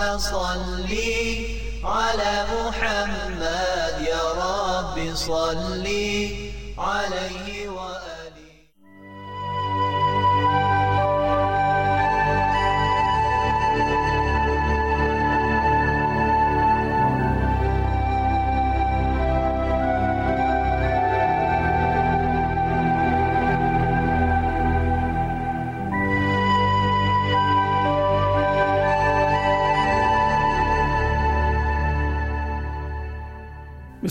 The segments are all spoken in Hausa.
رب صلي على محمد يا رب صلي عليه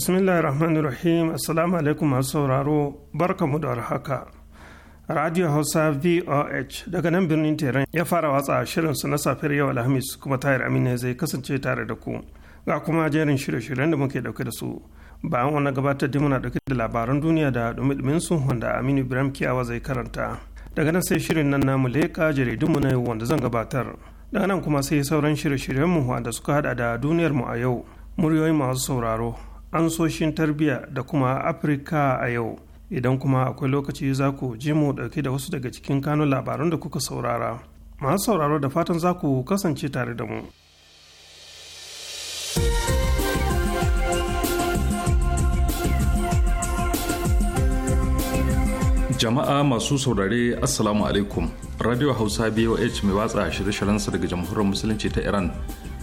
bismillahir rahmanir rahim assalamu alaikum masu sauraro barkamu da warhaka radio hausa voh daga nan birnin teran ya fara watsa shirinsu na safiyar yau alhamis kuma tayar amina zai kasance tare da ku ga kuma jerin shirye-shiryen da muke dauke da su bayan wani gabatar da muna dauke da labaran duniya da dumi su wanda aminu ibrahim kiyawa zai karanta daga nan sai shirin nan namu leƙa jaridunmu na yau wanda zan gabatar daga nan kuma sai sauran shirye mu wanda suka hada da duniyar mu a yau muryoyi masu sauraro ansoshin tarbiyya da kuma afirka a yau idan kuma akwai lokaci za ku ji mu dauke da wasu daga cikin kano labaran da kuka saurara masu sauraro da fatan za ku kasance tare da mu jama'a masu saurare assalamu alaikum radio hausa boh mai watsa shirye-shiryensa daga jamhuriyar musulunci ta iran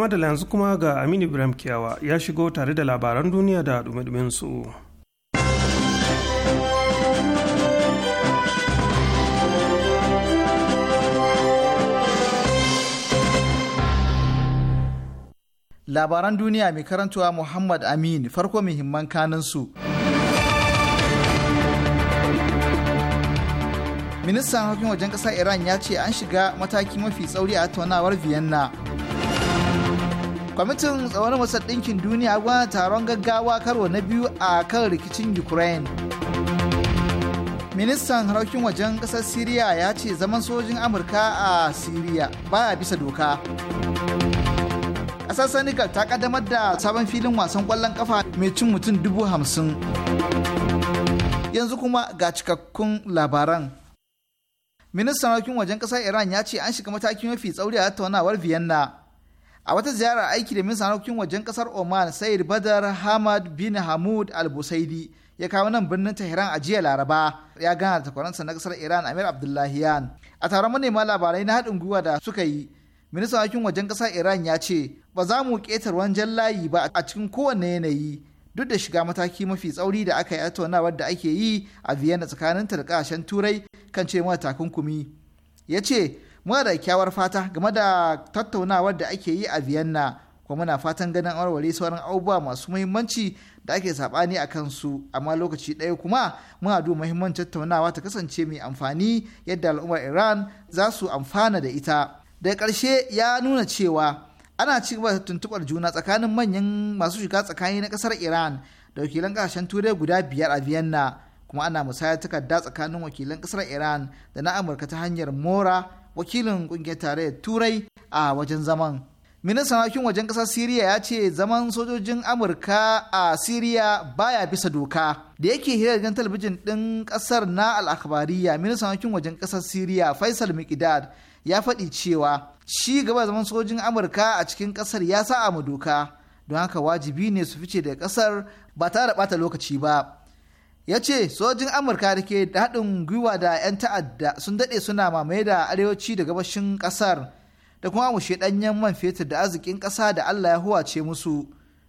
madala yanzu kuma ga Aminu Ibrahim Kiyawa ya shigo tare da labaran duniya da dumi su. Labaran duniya mai karantuwa Muhammad Amin farko muhimman kanin su. Ministan harkokin wajen ƙasar Iran ya ce an shiga mataki mafi tsauri a tattaunawar Vienna. kwamitin tsawon masar ɗinkin duniya gwamna taron gaggawa karo na biyu a kan rikicin ukraine ministan harkokin wajen ƙasar siriya ya ce zaman sojin amurka a siriya baya bisa doka ƙasar senegal ta ƙaddamar da sabon filin wasan ƙwallon ƙafa mai cin mutum dubu hamsin yanzu kuma ga cikakkun labaran ministan harkokin wajen ƙasar iran ya ce an shiga matakin mafi tsauri a tattaunawar vienna a wata ziyara aiki da minista harkokin wajen kasar oman sayid badar hamad bin hamud al-busaidi ya kawo nan birnin tehran a jiya laraba ya gana da takwaransa na kasar iran amir yan a taron manema labarai na haɗin gwiwa da suka yi ministan harkokin wajen kasar iran ya ce ba za mu ƙetar wajen layi ba a cikin kowane yanayi duk da shiga mataki mafi tsauri da aka yi tattaunawar da ake yi a vienna tsakanin tarkashen turai kan ce mata takunkumi ya ce muna da kyawar fata game da tattaunawar da ake yi a vienna kuma muna fatan ganin warware sauran abubuwa masu muhimmanci da ake saɓani a kansu amma lokaci ɗaya kuma muna duba muhimman tattaunawa ta kasance mai amfani yadda al'ummar iran za su amfana da ita daga karshe ya nuna cewa ana ci gaba da tuntuɓar juna tsakanin manyan masu shiga tsakani na kasar iran da wakilan ƙasashen turai guda biyar a vienna kuma ana musayar takarda tsakanin wakilan ƙasar iran da na amurka ta hanyar mora wakilin kungiyar tarayyar turai a wajen zaman ministan harkokin wajen kasar siriya ya ce zaman sojojin amurka a siriya baya bisa doka da yake hira talabijin ɗin ƙasar na al'akabariya ministan harkokin wajen ƙasar siriya faisal mikidad ya faɗi cewa shi gaba zaman sojojin amurka a cikin ƙasar ya sa mu doka don haka wajibi ne su fice daga ƙasar ba tare da ɓata lokaci ba ya ce sojin amurka da ke da haɗin gwiwa da 'yan ta'adda sun daɗe suna mamaye da arewaci da gabashin ƙasar da kuma mushe ɗanyen man fetur da arzikin ƙasa da allah ya huwace musu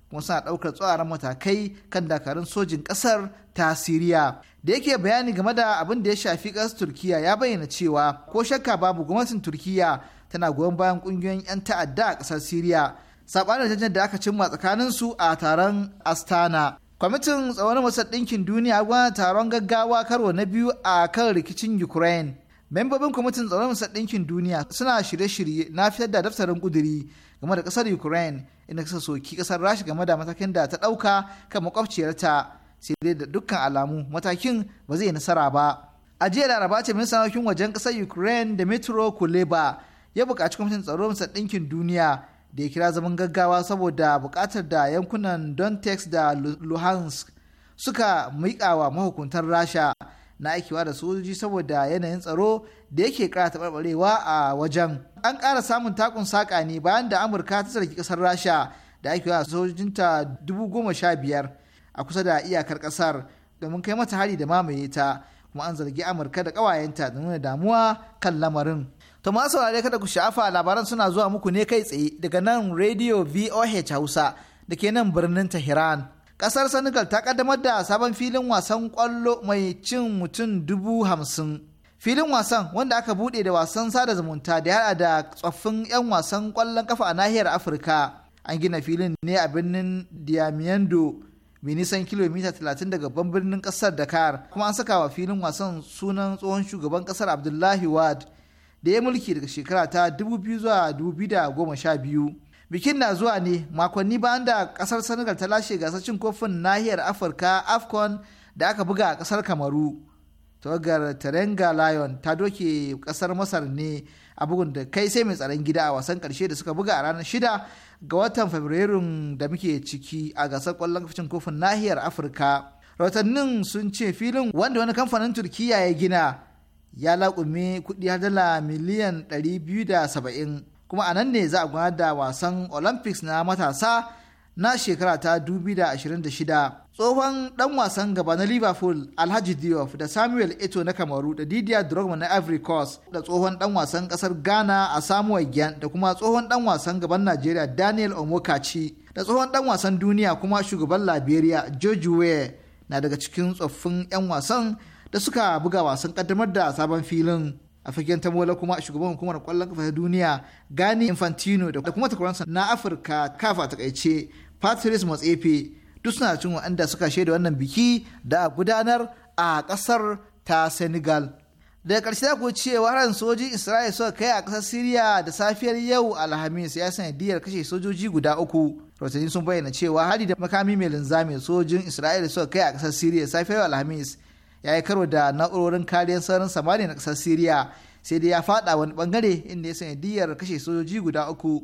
kuma suna ɗaukar tsoron matakai kan dakarun sojin ƙasar ta siriya da yake bayani game da abin da ya shafi ƙasar turkiya ya bayyana cewa ko shakka babu gwamnatin turkiya tana goyon bayan ƙungiyoyin 'yan ta'adda a ƙasar siriya saɓanin da aka cimma tsakaninsu a taron astana kwamitin tsawon masar ɗinkin duniya gwamna taron gaggawa karo na biyu a kan rikicin ukraine membobin kwamitin tsaron masar ɗinkin duniya suna shirye-shirye na fitar da daftarin ƙuduri game da ƙasar ukraine inda kasa soki ƙasar rasha game da matakin da ta ɗauka kan makwabciyarta sai dai da dukkan alamu matakin ba zai nasara ba a jiya laraba ce ministan wajen ƙasar ukraine da metro kuleba ya buƙaci kwamitin tsaron masar ɗinkin duniya da ya kira zaman gaggawa saboda bukatar da yankunan don Donetsk da Luhansk suka wa mahukuntar Rasha na aikiwa da sojoji saboda yanayin tsaro da yake ƙara taɓarɓarewa a wajen. An ƙara samun takun saƙa ne bayan da Amurka ta zargi ƙasar Rasha da aikiwa da sojojinta dubu goma sha biyar a kusa da iyakar ƙasar domin kai mata hari da mamaye ta kuma an zargi Amurka da ƙawayenta da nuna damuwa kan lamarin. To masu saurare kada ku shafa labaran suna zuwa muku ne kai tsaye daga nan Radio VOH Hausa da ke nan birnin Tehran. Kasar Senegal ta kaddamar da sabon filin wasan kwallo mai cin mutum dubu hamsin. Filin wasan wanda aka buɗe da wasan sada zumunta da yada da tsoffin 'yan wasan kwallon kafa a nahiyar Afirka. An gina filin ne a birnin Diamiendo mai nisan kilomita 30 daga babban birnin kasar Dakar kuma an saka wa filin wasan sunan tsohon shugaban kasar Abdullahi Wad. da ya mulki daga shekara ta 2000 zuwa 2012 bikin na zuwa ne makonni bayan da kasar senegal ta lashe gasar cin kofin nahiyar afirka afcon da aka buga a kasar kamaru tawagar terenga lion ta doke kasar masar ne a bugun da kai sai mai tsaron gida a wasan karshe da suka buga a ranar shida ga watan fabrairun da muke ciki a gasar kwallon kafin kofin nahiyar afirka rawatannin sun ce filin wanda wani kamfanin turkiyya ya gina ya laƙumi kuɗi har dala miliyan 270 kuma a nan ne za a gudanar da wasan olympics na matasa na shekara ta 2026 tsohon ɗan wasan gaba na liverpool alhaji diop da samuel eto na kamaru da didier drogba na ivory coast da tsohon ɗan wasan ƙasar ghana a samuel gyan da kuma tsohon ɗan wasan gaban nigeria daniel omokachi da tsohon ɗan wasan duniya kuma shugaban liberia george weah na daga cikin tsoffin 'yan wasan da suka buga wasan kaddamar da sabon filin a fagen tamola kuma shugaban hukumar kwallon kafa ta duniya gani infantino da kuma takwaransa na afirka kafa takaice patrice motsefe duk suna cin wa'anda suka shaida wannan biki da a gudanar a kasar ta senegal daga karshe da ku cewa ran sojin isra'il suka kai a kasar siriya da safiyar yau alhamis ya sanadiyar kashe sojoji guda uku rahotanni sun bayyana cewa hari da makami mai linzamin sojin isra'il suka kai a kasar siriya safiyar alhamis ya yi karo da na'urorin kariyar sauran samaniya na ƙasar siriya sai dai ya faɗa wani bangare inda ya sanya diyar kashe sojoji guda uku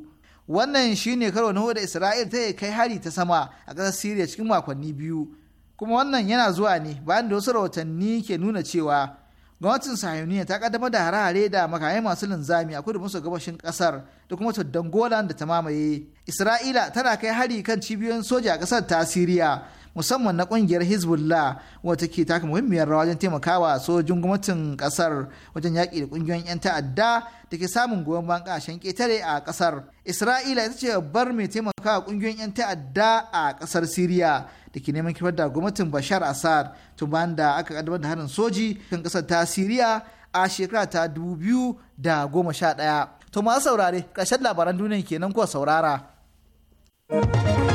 wannan shine karo na da isra'il ta kai hari ta sama a ƙasar siriya cikin makonni biyu kuma wannan yana zuwa ne bayan da wasu rahotanni ke nuna cewa gwamnatin sahiyoniya ta kaddamar da hare-hare da makamai masu linzami a kudu maso gabashin kasar da kuma tuddan golan da ta mamaye isra'ila tana kai hari kan cibiyoyin soja a kasar ta siriya musamman na kungiyar hezbollah wata ke taka muhimmiyar rawa wajen taimakawa sojin gwamnatin kasar wajen yaƙi da kungiyoyin 'yan ta'adda da ke samun goyon bayan ƙasashen ƙetare a ƙasar. isra'ila ita ce babbar mai taimakawa kungiyoyin 'yan ta'adda a kasar siriya da ke neman kifar da gwamnatin bashar assad tun bayan da aka kaddamar da harin soji kan kasar ta siriya a shekara ta dubu biyu da goma sha 2011 to masu saurare ƙarshen labaran duniya kenan ko saurara. thank you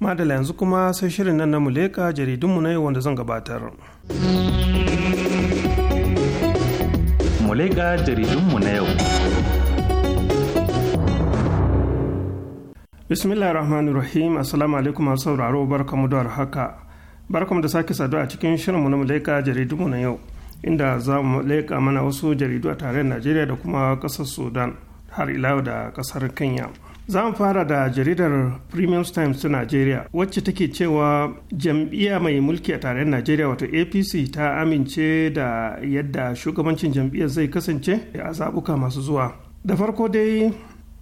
madala yanzu kuma sai shirin nan na muleka jaridunmu na yau wanda zan gabatar muleka jaridunmu na yau bismillah rahmanir rahim assalamu alaikum masu sauraro barkamu da haka barkamu da sake sadu a cikin shirinmu na muleka jaridunmu na yau inda za mu leka mana wasu jaridu a tarayyar najeriya da kuma kasar sudan har ila da ƙasar kenya za mu fara da jaridar premium times ta najeriya wacce take cewa jam'iyya mai mulki a tarayyar najeriya wato apc ta amince da yadda shugabancin jam'iyyar zai kasance a zabuka masu zuwa da farko dai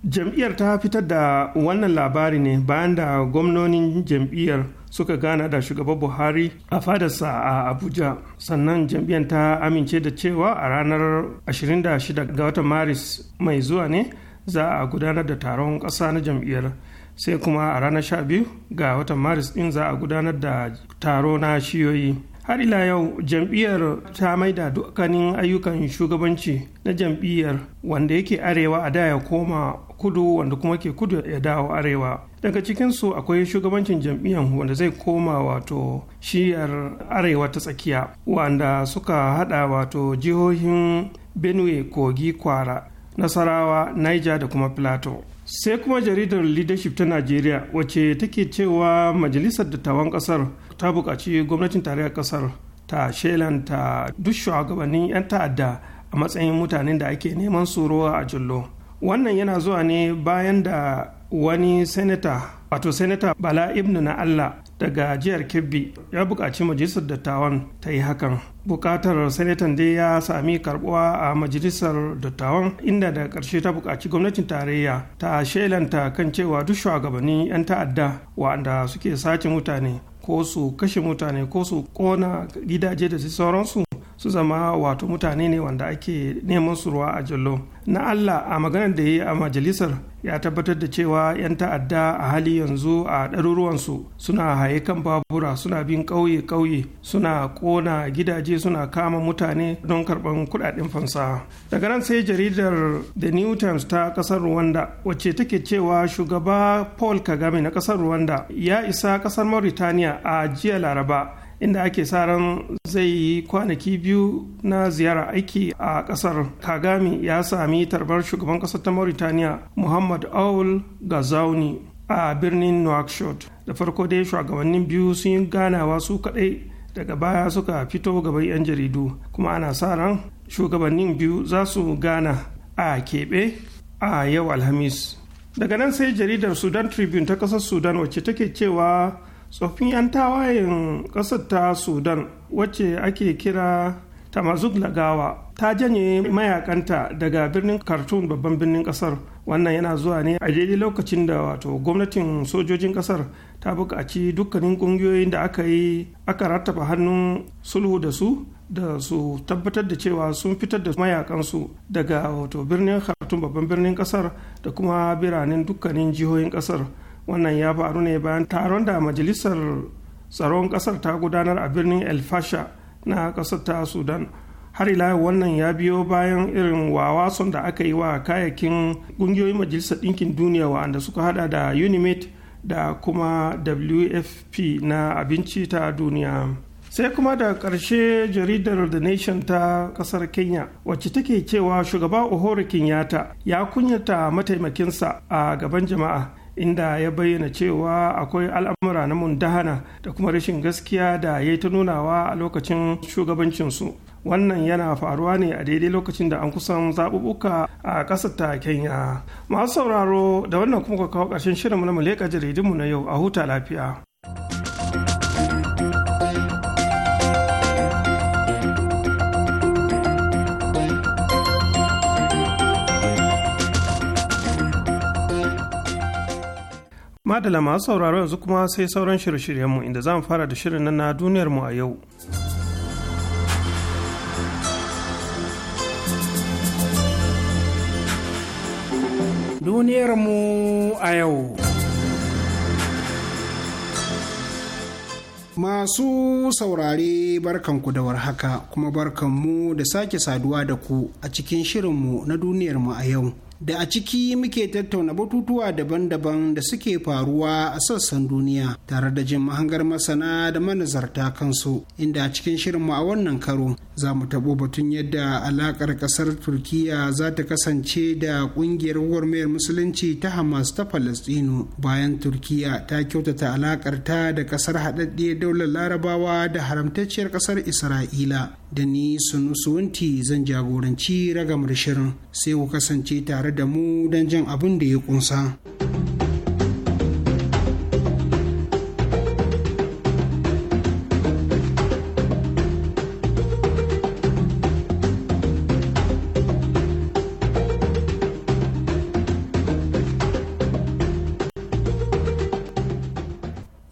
jam'iyyar ta fitar da wannan labari ne bayan da gwamnonin jam'iyyar suka gana da shugaban buhari a fadarsa a abuja sannan jam'iyyar ta amince da cewa a ranar 26 ga watan maris mai zuwa ne za a gudanar da taron ƙasa na jam'iyyar sai kuma a ranar sha biyu ga watan maris din za a gudanar da taro na shiyoyi har ila yau jam'iyyar ta maida dukkanin ayyukan shugabanci na jam'iyyar wanda yake arewa a da ya koma kudu wanda kuma ke kudu ya dawo arewa daga cikinsu akwai shugabancin jam'iyyar wanda zai koma wato shiyar arewa ta tsakiya wanda suka hada wato jihohin benue kogi kwara nasarawa niger da kuma plateau sai kuma jaridar leadership ta najeriya wacce take cewa majalisar dattawan kasar ta buƙaci gwamnatin tarayyar kasar ta shelanta duk shugabannin 'yan ta'adda a matsayin mutanen da ake neman tsorowa a jullo wannan yana zuwa ne bayan da wani senator wato senata bala ibnu na allah daga jihar kebbi ya buƙaci majalisar dattawan ta yi hakan buƙatar sanatan dai ya sami karbuwa a majalisar dattawan inda da ƙarshe ta buƙaci gwamnatin tarayya ta shelanta kan cewa duk shugabanni 'yan ta'adda waɗanda suke sace mutane ko su kashe mutane ko su ƙona gidaje da sauransu su zama wato mutane ne wanda ake neman su ruwa a jallo na allah a maganar da ya yi a majalisar ya tabbatar da cewa 'yan ta'adda a hali yanzu a ɗaruruwansu suna haye kan babura suna bin ƙauye-ƙauye suna ƙona gidaje suna kama mutane don karɓar kuɗaɗen fansa daga nan sai jaridar the new times ta ƙasar rwanda wacce take cewa shugaba paul kagame na ƙasar rwanda ya isa ƙasar mauritaniya a jiya laraba inda ake sa ran zai yi kwanaki biyu na ziyara aiki a kasar kagame ya sami tarbar shugaban kasar ta mauritaniya muhammad aul gazauni a birnin nouakchott da farko dai shugabannin biyu sun yi ganawa su kadai daga baya suka fito gaban 'yan jaridu kuma ana sa ran shugabannin biyu za su gana a keɓe a yau alhamis daga nan sai jaridar sudan tribune ta kasar sudan wacce take cewa tsoffin 'yan tawayen ƙasar ta sudan wacce ake kira tamazug lagawa ta janye mayakanta daga birnin khartoum babban birnin kasar wannan yana zuwa ne a daidai lokacin da wato gwamnatin sojojin kasar ta buƙaci dukkanin ƙungiyoyin da aka yi aka rattaba hannun sulhu da su da su tabbatar da cewa sun fitar da mayakansu daga wato birnin khartoum babban birnin kasar da kuma biranen dukkanin jihohin kasar. wannan ya faru ne bayan taron da majalisar tsaron kasar ta gudanar a birnin el fasha na kasar ta sudan har ila wannan ya biyo bayan irin wawason da aka yi wa kayakin ƙungiyoyin majalisar ɗinkin duniya wa'anda suka hada da unimate da kuma wfp na abinci ta duniya sai kuma da ƙarshe jaridar the nation ta ƙasar kenya wacce take cewa shugaba uhuru kenyatta ya kunyata mataimakinsa a gaban jama'a inda ya bayyana cewa akwai al'amura na mundahana da kuma rashin gaskiya da ya ta nunawa a lokacin shugabancinsu wannan yana faruwa ne a daidai lokacin da an kusan zaɓuɓɓuka a ƙasar ta kenya masu sauraro da wannan kuma kawo ƙarshen shirinmu na leƙa jaridunmu na yau a huta lafiya. Madala masu sauraro yanzu kuma sai sauran shirye-shiryenmu inda za mu fara da shirin nan na duniyarmu a yau. Duniyarmu a yau. Masu saurare barkanku da warhaka kuma barkanmu da sake saduwa da ku a cikin shirin mu na duniyarmu a yau. da a ciki muke tattauna batutuwa daban-daban da suke faruwa a sassan duniya tare da jin mahangar masana da manazarta kansu inda a cikin shirinmu a wannan karo za mu tabo batun yadda alakar kasar turkiya za ta kasance da kungiyar gwamnatin musulunci ta hamas ta falastinu bayan turkiya ta kyautata alakar ta da kasar haɗaɗɗiyar daular larabawa da haramtacciyar kasar isra'ila da ni sunusunti zan jagoranci ragamar shirin sai ku kasance tare da mu don jan abin da ya kunsa.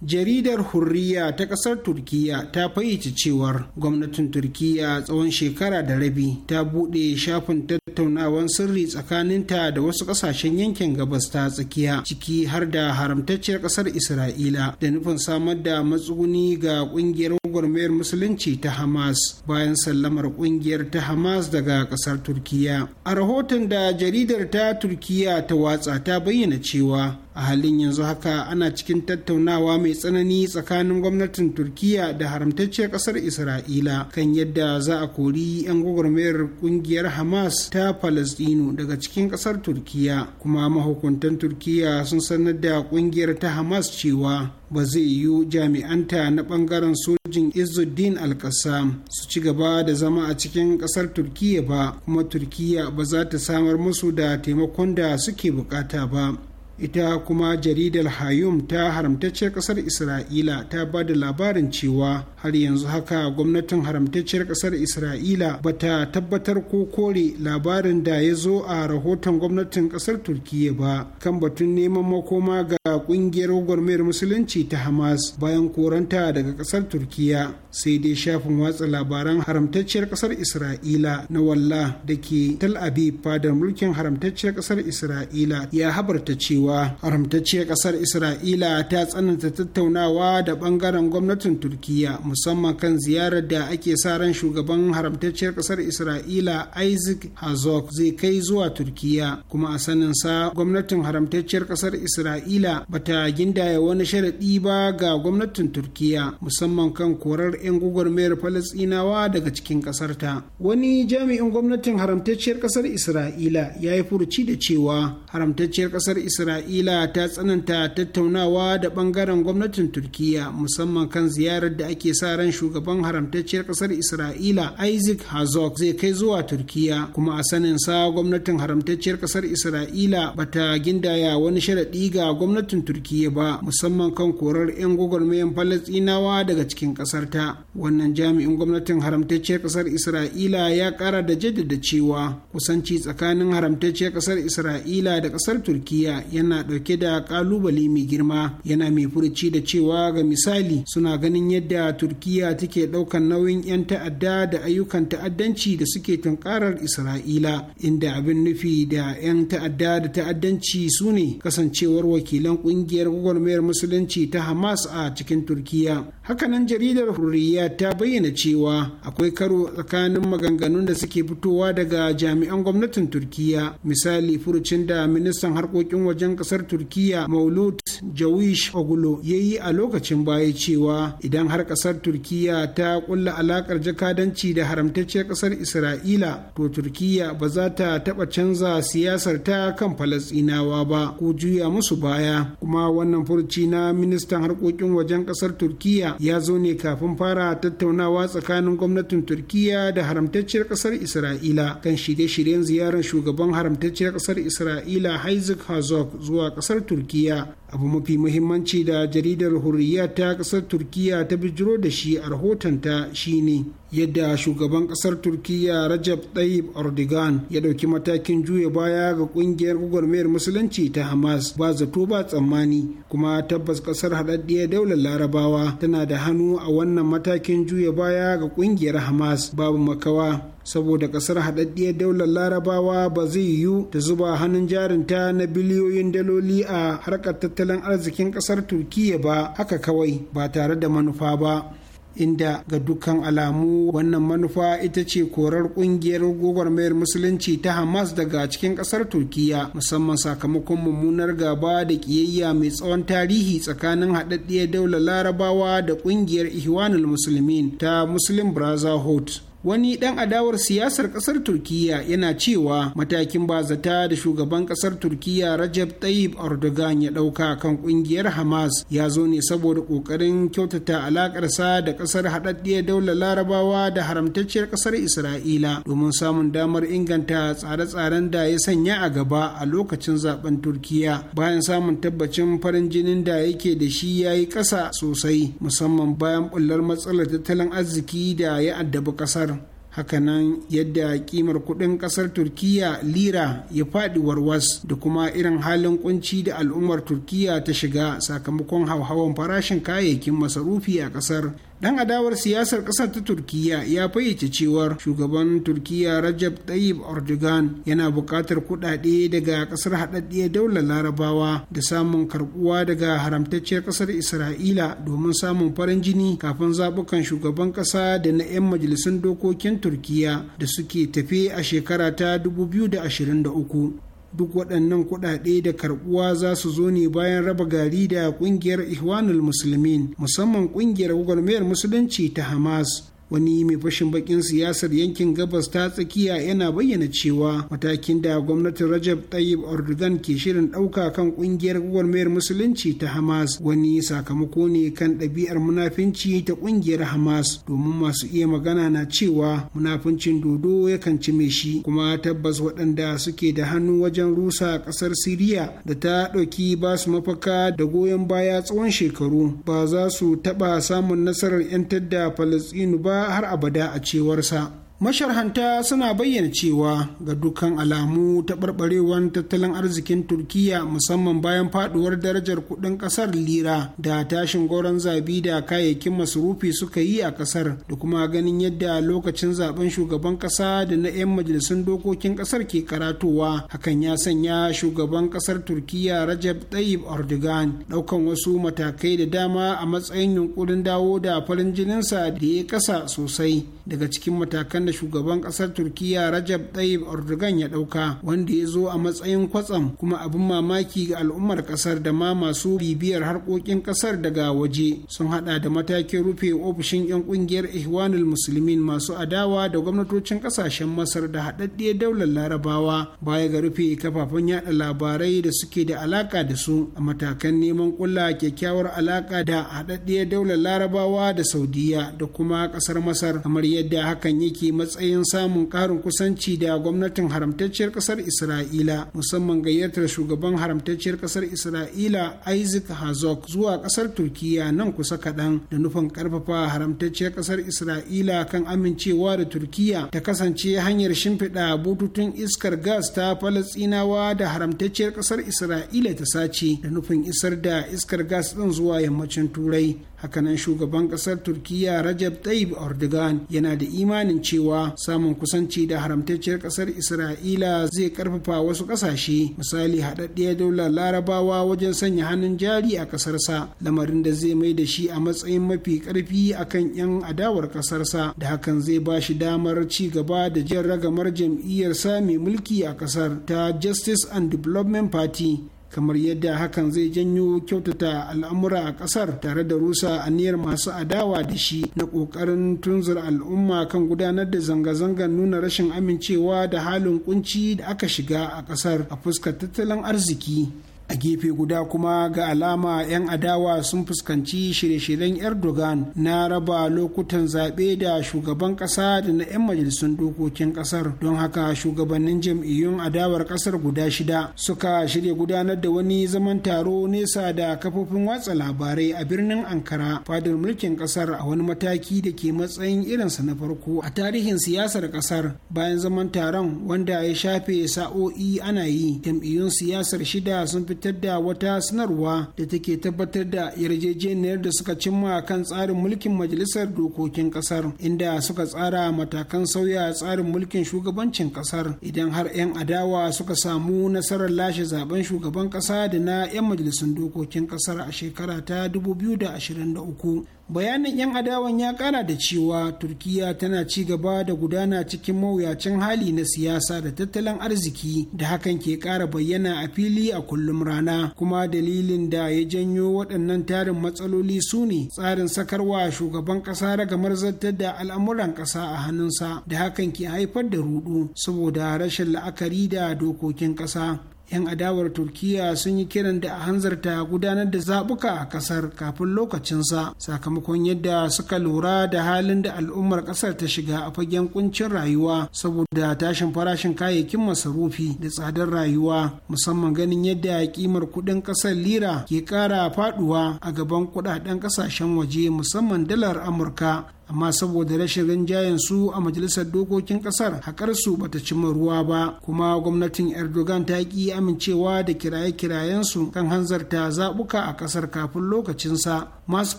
jaridar hurriya ta kasar turkiya ta fayyace cewar gwamnatin turkiya tsawon shekara da rabi ta buɗe shafin tattaunawan sirri tsakaninta da wasu ƙasashen yankin gabas ta tsakiya ciki har da haramtacciyar ƙasar isra'ila da nufin samar da matsuguni ga ƙungiyar gwagwarmayar musulunci ta hamas bayan sallamar ƙungiyar ta hamas daga ƙasar turkiya a rahoton da jaridar ta turkiya ta watsa ta bayyana cewa a halin yanzu haka ana cikin tattaunawa mai tsanani tsakanin gwamnatin turkiya da haramtacciyar kasar isra'ila kan yadda za a kori 'yan gwagwarmayar kungiyar hamas ta palestino daga cikin kasar turkiya kuma mahukuntan turkiya sun sanar da kungiyar ta hamas cewa ba zai yiwu jami'anta na bangaren sojin izuddin alƙasa su ci gaba da zama a cikin kasar turkiya ba kuma turkiya ba za ta samar musu da taimakon da suke bukata ba ita kuma jaridar hayum ta haramtacciyar kasar isra'ila ta ba da labarin cewa har yanzu haka gwamnatin haramtacciyar kasar isra'ila ba ta tabbatar ko kore labarin da ya zo a rahoton gwamnatin kasar Turkiyya ba kan batun neman makoma ga kungiyar gwamnatin musulunci ta hamas bayan koranta daga kasar turkiya sai dai shafin watsa labaran haramtacciyar kasar isra'ila na walla da ke tal fadar mulkin haramtacciyar kasar isra'ila ya habarta cewa cewa haramtacciyar kasar isra'ila ta tsananta tattaunawa da bangaren gwamnatin Turkiyya musamman kan ziyarar da ake sa ran shugaban haramtacciyar kasar isra'ila isaac hazok zai kai zuwa Turkiyya kuma a sanin sa gwamnatin haramtacciyar kasar isra'ila bata gindaya wani sharaɗi ba ga gwamnatin turkiya musamman kan korar 'yan gwagwarmayar falastinawa daga cikin ƙasarta wani jami'in gwamnatin haramtacciyar kasar isra'ila ya yi furuci da cewa haramtacciyar kasar isra'ila isra'ila ta tsananta tattaunawa da bangaren gwamnatin turkiya musamman kan ziyarar da ake sa ran shugaban haramtacciyar kasar isra'ila isaac hazok zai kai zuwa turkiya kuma a sanin sa gwamnatin haramtacciyar kasar isra'ila bata gindaya wani sharaɗi ga gwamnatin turkiya ba musamman kan korar 'yan gwagwarmayan falastinawa daga cikin kasar ta wannan jami'in gwamnatin haramtacciyar kasar isra'ila ya kara da jaddada cewa kusanci tsakanin haramtacciyar kasar isra'ila da kasar turkiya yana yana ɗauke da ƙalubale mai girma yana mai furuci da cewa ga misali suna ganin yadda turkiya take ɗaukan nauyin 'yan ta'adda da ayyukan ta'addanci da suke tunkarar isra'ila inda abin nufi da 'yan ta'adda da ta'addanci su ne kasancewar wakilan ƙungiyar gwagwarmayar musulunci ta hamas a cikin turkiya hakanan jaridar hurriya ta bayyana cewa akwai karo tsakanin maganganun da suke fitowa daga jami'an gwamnatin turkiya misali furucin da ministan harkokin wajen kasar turkiya maulut jawish ogulo ya yi a lokacin baya cewa idan har kasar turkiya ta kulla alakar jakadanci da haramtacciyar kasar isra'ila to turkiya ba za ta taba canza siyasar ta kan falasinawa ba ko juya musu baya kuma wannan furci na ministan harkokin wajen kasar turkiya ya zo ne kafin fara tattaunawa tsakanin gwamnatin turkiya da haramtacciyar kasar isra'ila kan shirye-shiryen ziyarar shugaban haramtacciyar kasar isra'ila isaac herzog zuwa kasar turkiya abu mafi muhimmanci da jaridar hurriya ta kasar turkiya ta bijiro da shi a rahotonta shine yadda shugaban kasar turkiya rajab tayyip erdogan ya ɗauki matakin juya baya ga ƙungiyar gwagwarmayar musulunci ta hamas ba zato ba tsammani kuma tabbas kasar haɗaɗɗiyar daular larabawa tana da hannu a wannan matakin juya baya ga ƙungiyar hamas babu makawa saboda kasar haɗaɗɗiyar daular larabawa ba zai yiwu ta zuba hannun jarinta na biliyoyin daloli a harkar tattalin arzikin kasar turkiya ba haka kawai ba tare da manufa ba inda ga dukkan alamu wannan manufa ita ce korar kungiyar gwagwarmayar musulunci ta hamas daga cikin kasar turkiya musamman sakamakon mummunar gaba da kiyayya mai tsawon tarihi tsakanin haɗaɗɗiyar daular larabawa da kungiyar ihwanul musulmin ta muslim brotherhood wani ɗan adawar siyasar ƙasar Turkiyya yana cewa matakin bazata da shugaban ƙasar Turkiyya rajab tayyip erdogan ya ɗauka kan ƙungiyar hamas ya zo ne saboda ƙoƙarin kyautata alaƙarsa da ƙasar haɗaɗɗiyar daular larabawa da haramtacciyar ƙasar isra'ila domin samun damar inganta tsare-tsaren da ya sanya a gaba a lokacin zaben Turkiyya, bayan samun tabbacin farin jinin da yake da shi ya yi ƙasa sosai musamman bayan bullar matsalar tattalin arziki da ya addabi ƙasar hakanan yadda kimar kudin kasar turkiya lira ya faɗi warwas da kuma irin halin kunci da al'ummar turkiya ta shiga sakamakon hauhawan farashin kayayyakin masarufi a kasar dan adawar siyasar kasar ta Turkiyya ya fayyace cewar shugaban Turkiyya rajab tayyip erdogan yana buƙatar kuɗaɗe daga kasar haɗaɗɗiyar daular larabawa da samun karɓuwa daga haramtacciyar ƙasar isra'ila domin samun farin jini kafin zaɓukan shugaban ƙasa da na 'yan majalisun dokokin Turkiyya da suke tafe a shekara ta 2023 duk waɗannan kuɗaɗe da karɓuwa za su zo ne bayan raba gari da ƙungiyar ihwanul musulmin musamman ƙungiyar gwagwarmayar musulunci ta hamas wani mai fashin bakin siyasar yankin gabas ta tsakiya yana bayyana cewa matakin da gwamnatin rajab tayyib erdogan ke shirin ɗauka kan ƙungiyar gwamnatin musulunci ta hamas wani sakamako ne kan ɗabi'ar munafinci ta ƙungiyar hamas domin masu iya magana na cewa munafincin dodo yakan cime shi kuma tabbas waɗanda suke da hannu wajen rusa ƙasar siriya da ta ɗauki ba su mafaka da goyon baya tsawon shekaru ba za su taɓa samun nasarar 'yantar da falastinu ba har abada a cewarsa masharhanta suna bayyana cewa ga dukkan alamu ta barbarewar tattalin arzikin turkiya musamman bayan faduwar darajar kudin kasar lira da tashin goron zabi da kayayyakin masarufi suka yi a kasar da kuma ganin yadda lokacin zaben shugaban kasa da na 'yan majalisun dokokin kasar ke karatowa hakan ya sanya shugaban kasar turkiya rajab tayyip erdogan ɗaukan wasu matakai da dama a matsayin yunkurin dawo da farin jininsa da ya ƙasa sosai daga cikin matakan da shugaban kasar turkiya rajab tayyip erdogan ya dauka wanda ya zo a matsayin kwatsam kuma abin mamaki ga al'ummar kasar da ma masu bibiyar harkokin kasar daga waje sun hada da matakin rufe ofishin yan kungiyar ihwanul musulmin masu adawa da gwamnatocin kasashen masar da haɗaɗɗiyar daular larabawa baya ga rufe kafafen yada labarai da suke da alaka da su a matakan neman kulla kyakkyawar alaka da haɗaɗɗiyar daular larabawa da saudiya da kuma kasar masar kamar yadda hakan yake matsayin samun ƙarin kusanci da gwamnatin haramtacciyar ƙasar isra'ila musamman gayyatar shugaban haramtacciyar ƙasar isra'ila isaac hazok zuwa ƙasar turkiya nan kusa kaɗan da nufin ƙarfafa haramtacciyar ƙasar isra'ila kan amincewa da turkiya ta kasance hanyar shimfiɗa bututun iskar gas ta falastinawa da haramtacciyar ƙasar isra'ila ta sace da nufin isar da iskar gas ɗin zuwa yammacin turai hakanan shugaban kasar turkiya rajab tayyib erdogan yana da imanin cewa samun kusanci da haramtacciyar kasar isra'ila zai karfafa wasu kasashe misali haɗaɗɗiyar daular larabawa wajen sanya hannun jari a kasarsa lamarin da zai mai da shi a matsayin mafi karfi akan 'yan adawar kasarsa da hakan zai ba shi damar ci gaba da jan ragamar jam'iyyarsa mai mulki a kasar ta justice and development party kamar yadda hakan zai janyo kyautata al'amura a kasar tare da rusa a aniyar masu adawa da shi na kokarin tunzura al'umma kan gudanar da zanga-zangar nuna rashin amincewa da halin kunci da aka shiga a kasar a fuskar tattalin arziki a gefe guda kuma ga alama 'yan adawa sun fuskanci shirye-shiryen erdogan na raba lokutan zaɓe da shugaban ƙasa da na 'yan majalisun dokokin ƙasar don haka shugabannin jam'iyyun adawar ƙasar guda shida suka shirya gudanar da wani zaman taro nesa da kafofin watsa labarai a birnin ankara fadar mulkin ƙasar a wani mataki da ke matsayin irinsa na farko a tarihin siyasar ƙasar bayan zaman taron wanda ya shafe sa'o'i ana yi jam'iyyun siyasar shida sun fi fitar da wata sanarwa da take tabbatar da yarjejeniyar da suka cimma kan tsarin mulkin majalisar dokokin kasar inda suka tsara matakan sauya tsarin mulkin shugabancin kasar idan har 'yan adawa suka samu nasarar lashe zaben shugaban kasa da na 'yan majalisun dokokin kasar a shekara ta 2023 bayanin 'yan adawan ya kara da cewa turkiya tana ci gaba da gudana cikin mawuyacin hali na siyasa da tattalin arziki da hakan ke kara bayyana a fili a kullum rana kuma dalilin da ya janyo waɗannan tarin matsaloli su ne tsarin sakarwa shugaban ƙasa ragamar zartar da al'amuran ƙasa a hannunsa da hakan ke haifar da rudu saboda rashin la'akari da dokokin ƙasa 'yan adawar turkiya sun yi kiran da a hanzarta gudanar da zabuka a ƙasar kafin lokacinsa sakamakon yadda suka lura da halin da al'ummar ƙasar ta shiga a fagen kuncin rayuwa saboda tashin farashin kayayyakin masarufi da tsadar rayuwa musamman ganin yadda kimar kuɗin ƙasar lira ke ƙara faɗuwa a gaban kuɗaɗen ƙasashen waje musamman dalar amurka amma saboda rashin rinjayen su a majalisar dokokin kasar hakar su bata cimma ruwa ba kuma gwamnatin erdogan ta ki amincewa da kiraye-kirayen su kan hanzarta zabuka a kasar kafin lokacinsa masu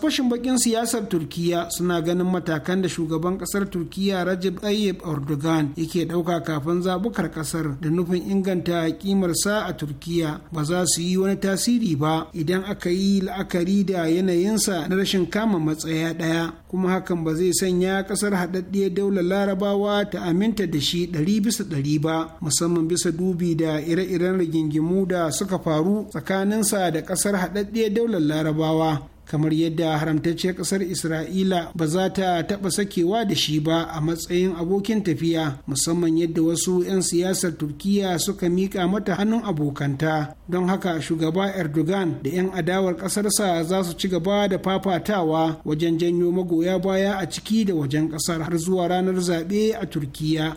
fashin bakin siyasar turkiya suna ganin matakan da shugaban kasar turkiya rajab tayyip erdogan yake dauka kafin zabukar kasar da nufin inganta kimar sa a turkiya ba za su yi wani tasiri ba idan aka yi la'akari da yanayinsa na rashin kama matsaya daya kuma hakan ba zai sanya kasar haɗaɗɗiyar daular larabawa ta aminta da shi ɗari bisa ɗari ba musamman bisa dubi da ire-iren rigingimu da suka faru tsakaninsa da kasar haɗaɗɗiyar daular larabawa kamar yadda haramtacciyar ƙasar isra'ila ba za ta taɓa sakewa da shi ba a matsayin abokin tafiya musamman yadda wasu 'yan siyasar turkiya suka miƙa mata hannun abokanta don haka shugaba erdogan da 'yan adawar ƙasarsa za su ci gaba da fafatawa wajen janyo magoya baya a ciki da wajen ƙasar har zuwa ranar zaɓe a turkiya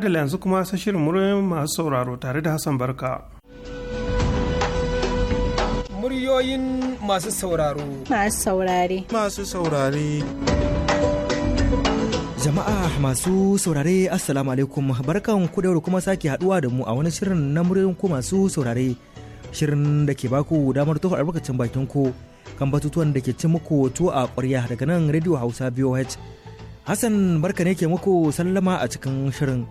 adala yanzu kuma sai shirin muryoyin masu sauraro tare da hassan barka muryoyin masu sauraro masu saurare masu saurare Jama'a masu saurare Assalamu alaikum barkan ku da kuma sake haduwa da mu a wani shirin na muryoyin ku masu saurare shirin da ke baku damar tofa albarkacin bakin ku kan batutuwan da ke cin muku to a ƙwarya daga nan Radio Hausa BOH. Hassan barka ne ke muku sallama a cikin shirin.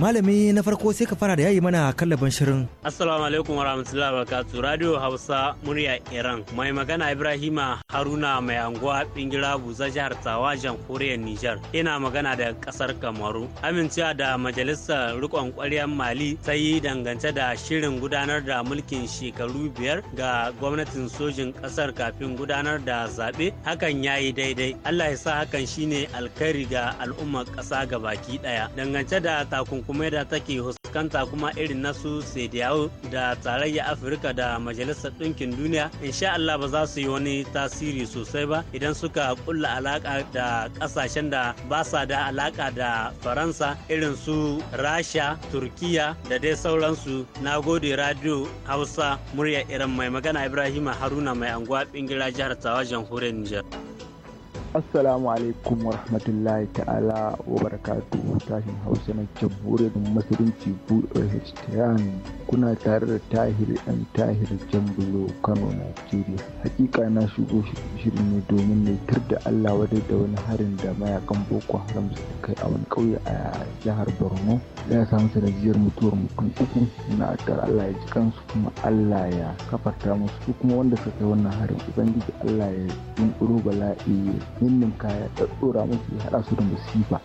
malami na farko sai ka fara da yayi mana kallaban shirin assalamu alaikum warahmatullahi wabarakatuh radio hausa murya iran mai magana ibrahima haruna mai anguwa bingira buza jihar tawa jamhuriyar nijar ina magana da kasar kamaru amincewa da majalisar rikon kwaryar mali ta yi dangance da shirin gudanar da mulkin shekaru biyar ga gwamnatin sojin kasar kafin gudanar da zaɓe hakan ya yi daidai allah ya sa hakan shine alkhairi ga al'ummar ƙasa gabaki ɗaya dangance da takunkumi kuma yadda take huskanta kuma irin nasu sediyawo da tarayyar afirka da majalisar ɗinkin duniya insha allah ba za su yi wani tasiri sosai ba idan suka kulla alaka da ƙasashen da ba sa da alaka da faransa irin su rasha turkiya da dai sauransu na gode radio hausa murya irin mai magana ibrahim haruna mai anguwa bingira jihar tawa jamhuriyar nijar. assalamu alaikum rahmatullahi ta'ala wa barakatuhu tashin hausa na da musulunci buɗe kuna tare da tahir ɗan tahir jambulo kano nigeria hakika na shigo shirin ne domin ne tur da allah wadai da wani harin da mayakan boko haram suka kai a wani ƙauye a jihar borno ya samu sanadiyar mutuwar mutum uku na tar allah ya ji kansu kuma allah ya kafarta musu kuma wanda suka kai wannan harin ubangiji allah ya yi bala'i ninninka ya ɗaɗɗora musu haɗa su da musifa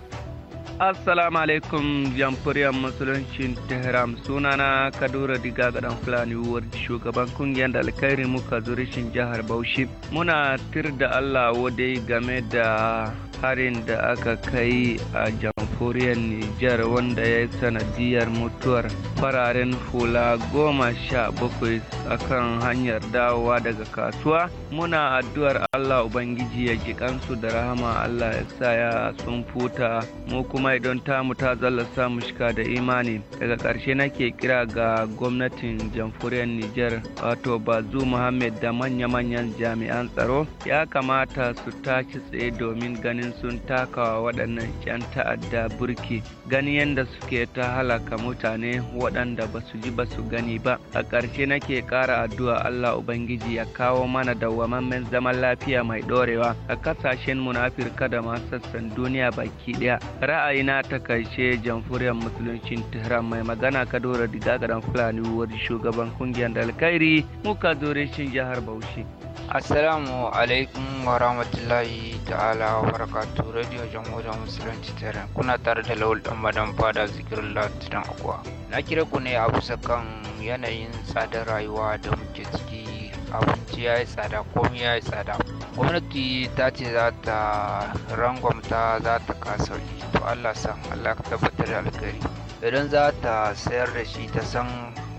assalamu alaikum jamhuriyar musuluncin tehran sunana kadura diga gadan fulani ward shugaban kungiyar da alkhairi muka zurishin jihar bauchi muna tir da allah wadai game da harin da aka kai a jamhuriyar Nijar wanda ya yi sanadiyar mutuwar fararen hula goma sha bakwai a kan hanyar dawowa daga kasuwa. Muna addu'ar Allah Ubangiji ya ji kansu da rahama Allah ya sa ya sun futa mu kuma idan tamu ta zalla samu shika da imani. Daga ƙarshe nake kira ga gwamnatin jamhuriyar Nijar wato Bazu Muhammad da manya-manyan jami'an tsaro ya kamata su tashi tsaye domin ganin ganin sun takawa waɗannan 'yan ta'adda burki gani yadda suke ta halaka mutane waɗanda ba su ji ba su gani ba a ƙarshe nake ƙara addu'a allah ubangiji ya kawo mana dawwamammen zaman lafiya mai ɗorewa a ƙasashen mu da masu sassan duniya baki ɗaya ra'ayina ta karshe jamhuriyar musuluncin tehran mai magana kadora diga fulani wani shugaban kungiyar da alkhairi muka zo shin jihar bauchi Assalamu alaikum wa rahmatullahi ta'ala wa barakatu Radio Jamhuriyar Musulunci tare kuna tare da Lawal dan Madan Fada Zikirullah Tidan Akwa. Na kira ku ne a bisa kan yanayin tsadar rayuwa da muke ciki abinci ya yi tsada komai ya yi tsada. Gwamnati ta ce za ta rangwamta za ta kasa to Allah san Allah ka tabbatar da alkhairi. Idan za ta sayar da shi ta san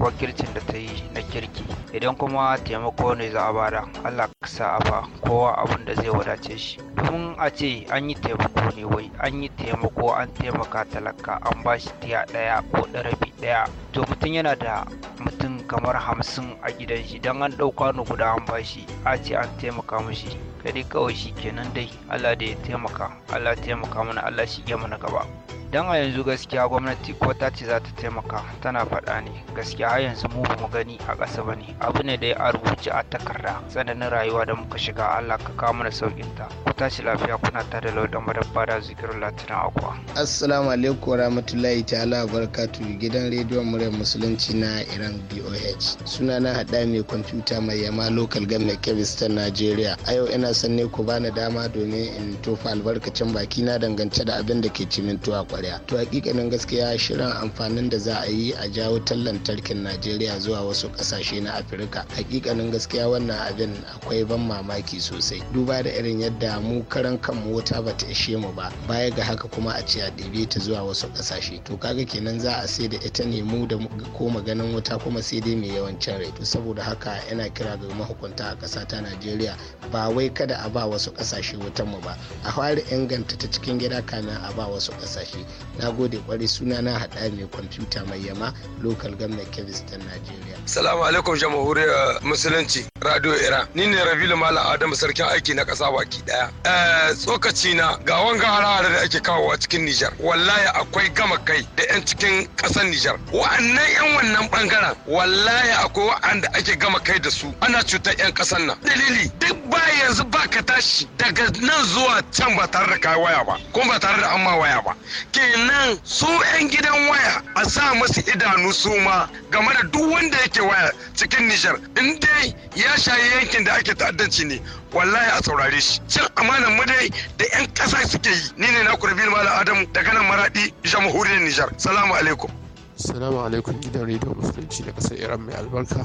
wakilcin da ta yi na kirki idan kuma taimako ne za a bada allah sa a kowa abin da zai wadace shi domin a ce an yi taimako ne wai an yi taimako an taimaka talaka an ba shi tiya ɗaya ko darabi daya to mutum yana da mutum kamar hamsin a gidan shi don an ɗauka ni guda an ba shi a ce an taimaka mishi kai kawai shi kenan dai allah da ya taimaka allah taimaka mana allah shi mana gaba don a yanzu gaskiya gwamnati ko ta ce za ta taimaka tana faɗa ne gaskiya har yanzu mu bamu gani a ƙasa ba ne abu ne da ya a rubuce a takarda tsananin rayuwa da muka shiga allah ka kawo mana saukin ta ku tashi lafiya kuna ta da lauɗan madabba da zikirin latina akwa. assalamu alaikum warahmatullahi ta'ala barakatu gidan rediyon muryar musulunci na iran boh suna na haɗa mai kwamfuta mai yama local government kebistan kebistan najeriya a yau ina son ne ku bani dama domin in tofa albarkacin baki na dangance da abin da ke cimin tuwa daya to hakikanin gaskiya shirin amfanin da za a yi a jawo tallan lantarkin najeriya zuwa wasu kasashe na afirka hakikanin gaskiya wannan abin akwai ban mamaki sosai duba da irin yadda mu karan kan wuta ba ta ishe mu ba baya ga haka kuma a ce a ɗebe ta zuwa wasu kasashe to kaga kenan za a sai da ita ne mu da ko maganin wuta kuma sai dai mai yawancin rai to saboda haka yana kira ga mahukunta a ƙasa ta najeriya ba wai kada a ba wasu kasashe wutan mu ba a fara inganta ta cikin gida kamin a ba wasu kasashe na gode kwarai suna na hada mai kwamfuta mai yama local GAMNA kebis ta nigeria salamu alaikum jamhuriyar eh, musulunci radio iran ni ne rabilu malam adam sarkin aiki na kasa baki ɗaya eh, tsokaci na ga wanga harare da ake kawowa cikin nijar wallahi akwai gama kai da 'yan cikin kasar nijar wa'annan 'yan wannan bangaren wallahi akwai wa'anda ake gama kai da su ana cutar 'yan kasar nan dalili duk ba yanzu ba ka tashi daga nan zuwa can ba tare da kai waya ba kuma ba tare da an ma waya ba kenan su 'yan gidan waya a sa masu idanu su ma game da duk wanda yake waya cikin nijar in dai ya shayi yankin da ake ta'addanci ne wallahi a saurare shi cin amanan mu dai da 'yan ƙasa suke yi ni ne na kurbil malam adamu daga nan maraɗi jamhuriyar nijar salamu alaikum salamu alaikum gidan rediyo musulunci da ƙasar Iran mai albarka.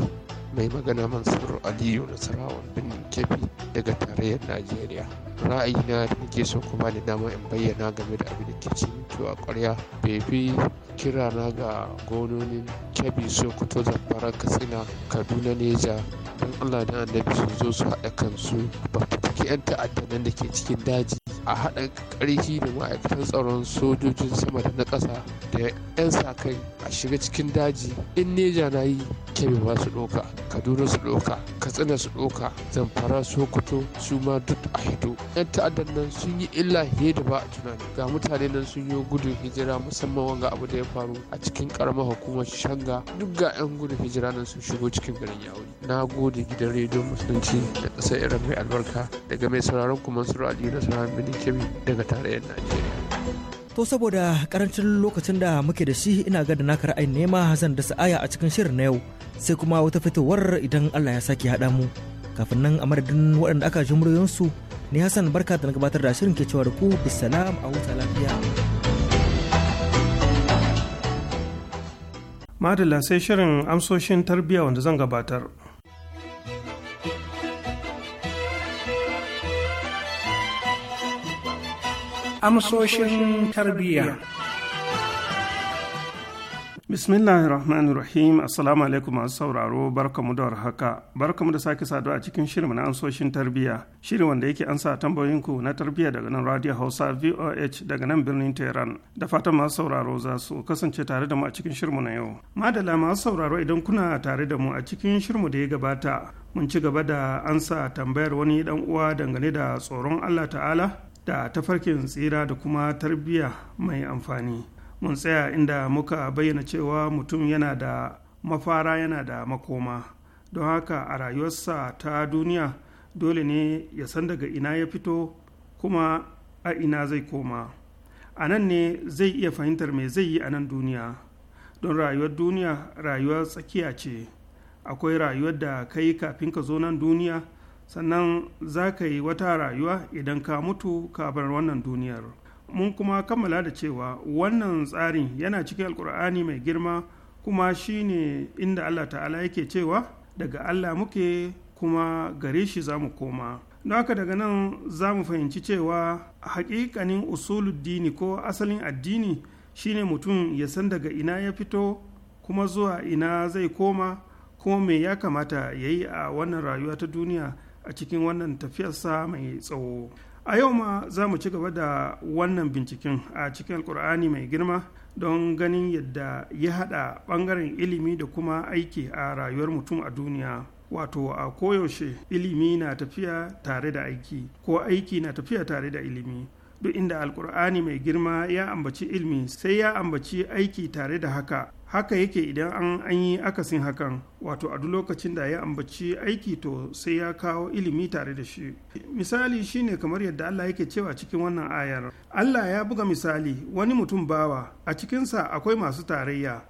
mai magana mansur aliyu nasarawan birnin kebbi daga tarayyar najeriya na da nake so kuma da dama in bayyana game da abin da ke ci to a ƙwarya bai fi kira na ga gononin kebbi sokoto zamfara katsina kaduna neja don allah da annabi su zo su haɗa kansu ba 'yan ta'adda nan da ke cikin daji a haɗa ƙarfi da ma'aikatan tsaron sojojin sama da na ƙasa da 'yan sa kai a shiga cikin daji in neja na yi kebbi ba su ɗauka kaduna su ɗauka katsina su ɗauka zamfara sokoto su ma duk a hito yan ta'addan nan sun yi illa fiye da ba a tunani ga mutane nan sun yi gudun hijira musamman wanga abu da ya faru a cikin karamar hukumar shanga duk ga yan gudun hijira nan sun shigo cikin garin yawon na gode gidan rediyon musulunci da ƙasar iran mai albarka daga mai sauraron kuma suru aliyu na sauraron birnin kebbi daga tarayyar najeriya To saboda karancin lokacin da muke da shi ina ga da naka ra'ayin nema zan dasa aya a cikin shirin na yau sai kuma wata fitowar idan Allah ya sake haɗa mu. Kafin nan a madadin waɗanda aka ji muryoyinsu ni Hassan barka da gabatar da shirin ke cewa da ku bisalam a huta lafiya. Madalla sai shirin amsoshin tarbiyya wanda zan gabatar. amsoshin tarbiyya. bismillahir rahmanir rahim assalamu alaikum masu sauraro barkamu da warhaka barkamu da sake saduwa a cikin shirin na ansoshin tarbiyya shirin wanda yake ansa tambayoyinku na tarbiyya daga nan radio hausa voh daga nan birnin tehran da fatan masu sauraro za su kasance tare da mu a cikin shirin na yau madala masu sauraro idan kuna tare da mu a cikin shirin da ya gabata mun ci gaba da ansa tambayar wani dan uwa dangane da tsoron allah ta'ala da tafarkin tsira da kuma tarbiyya mai amfani mun tsaya inda muka bayyana cewa mutum yana da mafara yana da makoma don haka a rayuwarsa ta duniya dole ne ya san daga ina ya fito kuma a ina zai koma a nan ne zai iya fahimtar me zai yi a nan duniya don rayuwar duniya rayuwar tsakiya ce akwai rayuwar da kai kafin ka zo nan duniya sannan za ka yi wata rayuwa idan ka mutu kafin wannan duniyar mun kuma kammala da cewa wannan tsarin yana cikin alkur'ani mai girma kuma shi ne inda allah ta'ala yake cewa daga allah muke kuma gare shi za mu koma don haka daga nan za mu fahimci cewa hakikanin usuluddini ko asalin addini shine mutum ya san daga ina ya fito kuma zuwa ina zai koma kuma me ya kamata ya yi a wannan rayuwa ta duniya a cikin wannan tafiyarsa mai tsawo a yau ma za mu ci gaba da wannan binciken a cikin alkur'ani mai girma don ganin yadda ya haɗa ɓangaren ilimi da kuma aiki a rayuwar mutum a duniya wato a koyaushe ilimi na tafiya tare da aiki ko aiki na tafiya tare da ilimi duk inda alkur'ani mai girma ya ambaci ilimi sai ya ambaci aiki tare da haka haka yake idan an an yi akasin hakan wato a duk lokacin da ya ambaci aiki to sai ya kawo ilimi tare da shi misali shine kamar yadda Allah yake cewa cikin wannan ayar Allah ya buga misali wani mutum bawa a cikinsa akwai masu tarayya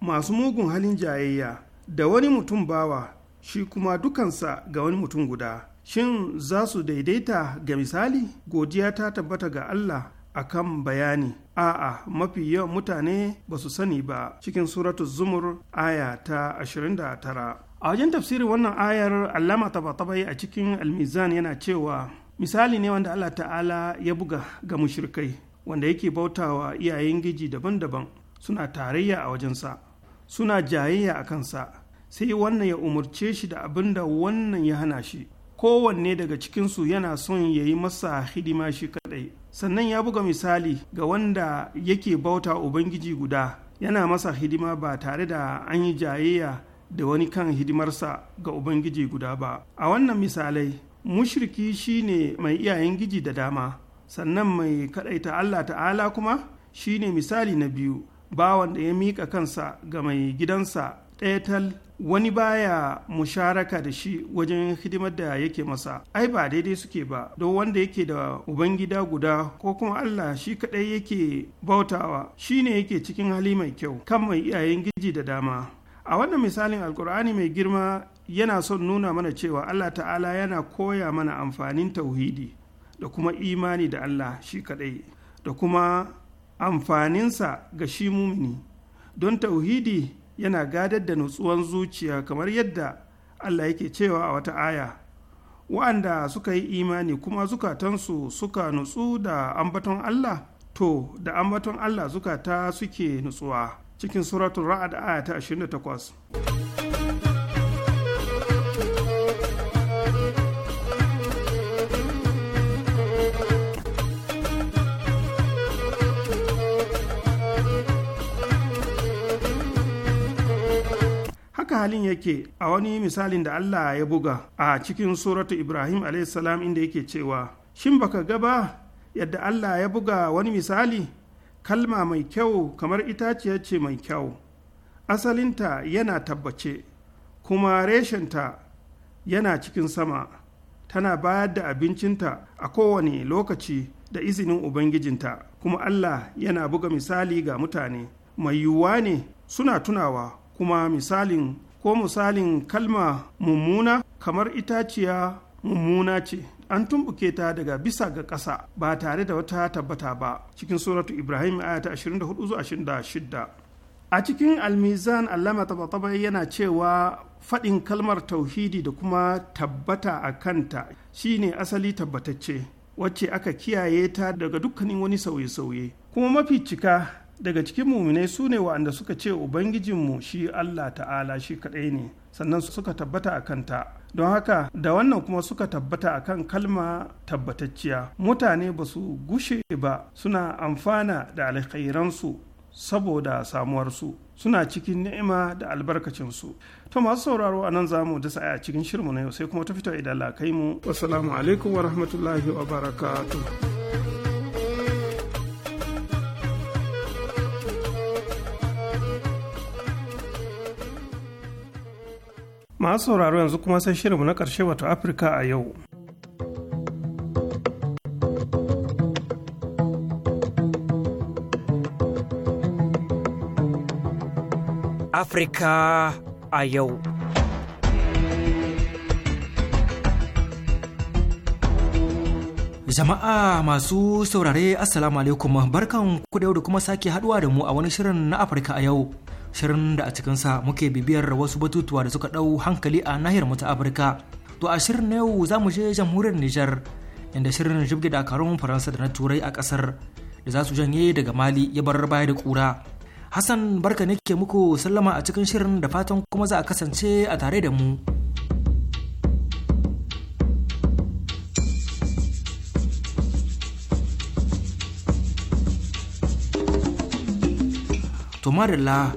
masu mugun halin jayayya da wani mutum bawa shi kuma dukansa ga wani mutum guda shin za su daidaita ga misali godiya ta tabbata ga Allah akan bayani a'a mafi yawan mutane ba su sani ba cikin suratu zumur aya ta 29 a wajen tafsirin wannan ayar allama tabatabai a cikin almizan yana cewa misali ne wanda allah ta'ala ya buga ga mushrikai wanda yake bautawa iyayen giji daban-daban suna tarayya a wajensa suna jayayya a kansa sai wannan ya umarce shi da abin da wannan ya hana shi kowanne daga cikinsu yana son ya yi masa hidima shi kadai sannan ya buga misali ga wanda yake bauta ubangiji guda yana masa hidima ba tare da an yi jayayya da wani kan hidimarsa ga ubangiji guda ba a wannan misalai mushriki shine mai iyayen giji da dama sannan mai kadaita allah ta'ala kuma shine misali na biyu bawan da ya miƙa kansa ga mai gidansa ɗaya tal wani baya musharaka da shi wajen hidimar da yake masa ai ba daidai suke ba Do wanda yake da ubangida guda ko kuma Allah shi kadai yake bautawa Shi shine yake cikin hali mai kyau kan mai iyayen giji da dama a wannan misalin alkur'ani mai girma yana son nuna mana cewa Allah ta'ala yana koya mana amfanin tauhidi da kuma imani da Allah shi kadai da kuma amfaninsa ga shi mumini don tauhidi yana gadar da nutsuwan zuciya kamar yadda Allah yake cewa a wata aya wa'anda suka yi imani kuma zukatansu suka nutsu da ambaton Allah to da ambaton Allah zukata suke nutsuwa cikin suratun ra'ad aya ta 28 halin yake a wani misalin da Allah ya buga a cikin suratu Ibrahim salam inda yake cewa shin ba baka gaba yadda Allah ya buga wani misali kalma mai kyau kamar itaciya ce mai kyau asalinta yana tabbace kuma reshenta yana cikin sama tana bayar da abincinta a kowane lokaci da izinin ubangijinta kuma Allah yana buga misali ga mutane mai yiwuwa ne suna tunawa kuma misalin ko misalin kalma mummuna kamar itaciya mummuna ce an tumbuke ta daga bisa ga ƙasa ba tare da wata tabbata ba cikin suratu ibrahim ayata ta 24-26 a cikin almizan allama taba yana cewa faɗin kalmar tauhidi da kuma tabbata a kanta shine asali tabbatacce wacce aka kiyaye ta daga dukkanin wani sauye-sauye kuma mafi cika daga cikin muminai su ne wa'anda suka ce ubangijinmu shi allah ta'ala shi kaɗai ne sannan suka tabbata a kanta don haka da wannan kuma suka tabbata a kan kalma tabbatacciya mutane ba su gushe ba suna amfana da alkhairansu saboda samuwarsu suna cikin ni'ima da albarkacinsu to masu sauraro a nan za mu dasa a cikin shirmu na yau sai kuma ta fito idan la kai mu wassalamu alaikum wa rahmatullahi wa barakatu. masu sauraro yanzu kuma sai shirinmu na ƙarshe wato afirka a yau afirka a yau Jama'a masu saurare Assalamu alaikum barkan ku yau da kuma sake haduwa da mu a wani shirin na Afirka a yau. shirin da a cikinsa muke bibiyar wasu batutuwa da suka ɗau hankali a nahiyar mu ta afirka to a shirin na yau za mu je jamhuriyar nijar inda shirin jibge dakarun faransa da na turai a ƙasar da za su janye daga mali ya bar baya da ƙura hassan barka ne ke muku sallama a cikin shirin da fatan kuma za a kasance a tare da mu to madalla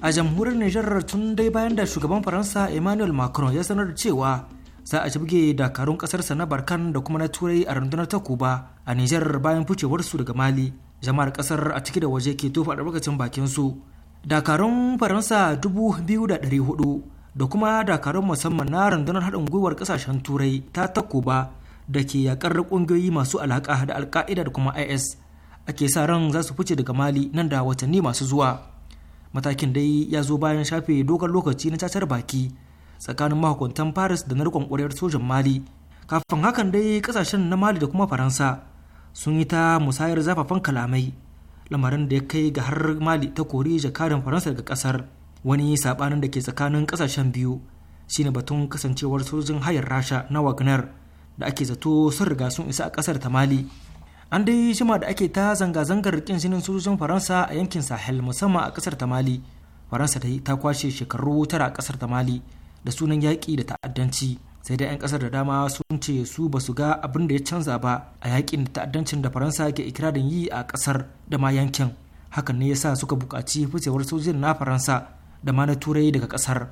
a jamhuriyar Nijar tun dai bayan da shugaban Faransa Emmanuel Macron ya sanar da cewa za a jibge dakarun kasarsa na Barkan da kuma na Turai a rundunar ta Kuba a Nijar bayan ficewarsu daga Mali. Jama'ar kasar a ciki da waje ke tofa albarkacin bakin su. Dakarun Faransa dubu biyu da ɗari hudu da kuma dakarun musamman na rundunar haɗin gwiwar ƙasashen Turai ta ta da ke yakar ƙungiyoyi masu alaƙa da Alka'ida da kuma IS ake sa ran za su fice daga Mali nan da watanni masu zuwa. matakin dai ya zo bayan shafe dogon lokaci na cacar baki tsakanin mahukuntan paris da na rikon ƙwarewar sojan mali kafin hakan dai kasashen na mali da kuma faransa sun yi ta musayar zafafan kalamai lamarin da ya kai ga har mali ta kori jakarin faransa daga kasar wani saɓanin da ke tsakanin ƙasashen biyu shine batun kasancewar sojin hayar rasha na wagner da ake zato sun riga sun isa a kasar ta mali an dai shima da ake ta zanga-zangar kin jinin sojojin faransa a yankin sahel musamman a kasar tamali mali faransa ta kwashe shekaru tara a kasar tamali da sunan yaƙi da ta'addanci sai dai 'yan kasar da dama sun ce su ba su ga abin da ya canza ba a yaƙin da ta'addancin da faransa ke ikirarin yi a kasar da ma yankin hakan ne yasa suka buƙaci ficewar sojin na faransa da ma na turai daga kasar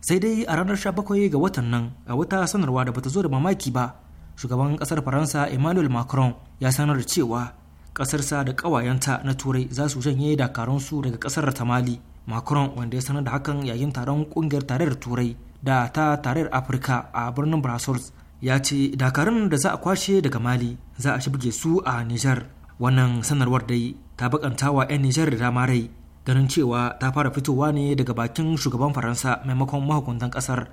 sai dai a ranar 17 ga watan nan a wata sanarwa da bata zo da mamaki ba shugaban kasar faransa emmanuel macron ya sanar da cewa kasarsa da kawayenta na turai za su janye dakaransu daga kasar ta macron wanda ya sanar da hakan yayin taron kungiyar tarayyar turai da ta tarayyar afirka a birnin brussels ya ce dakarun da za a kwashe daga mali za a shibge su a niger wannan sanarwar dai ta bakanta wa 'yan niger da dama rai ganin cewa ta fara fitowa ne daga bakin shugaban faransa maimakon mahukuntan kasar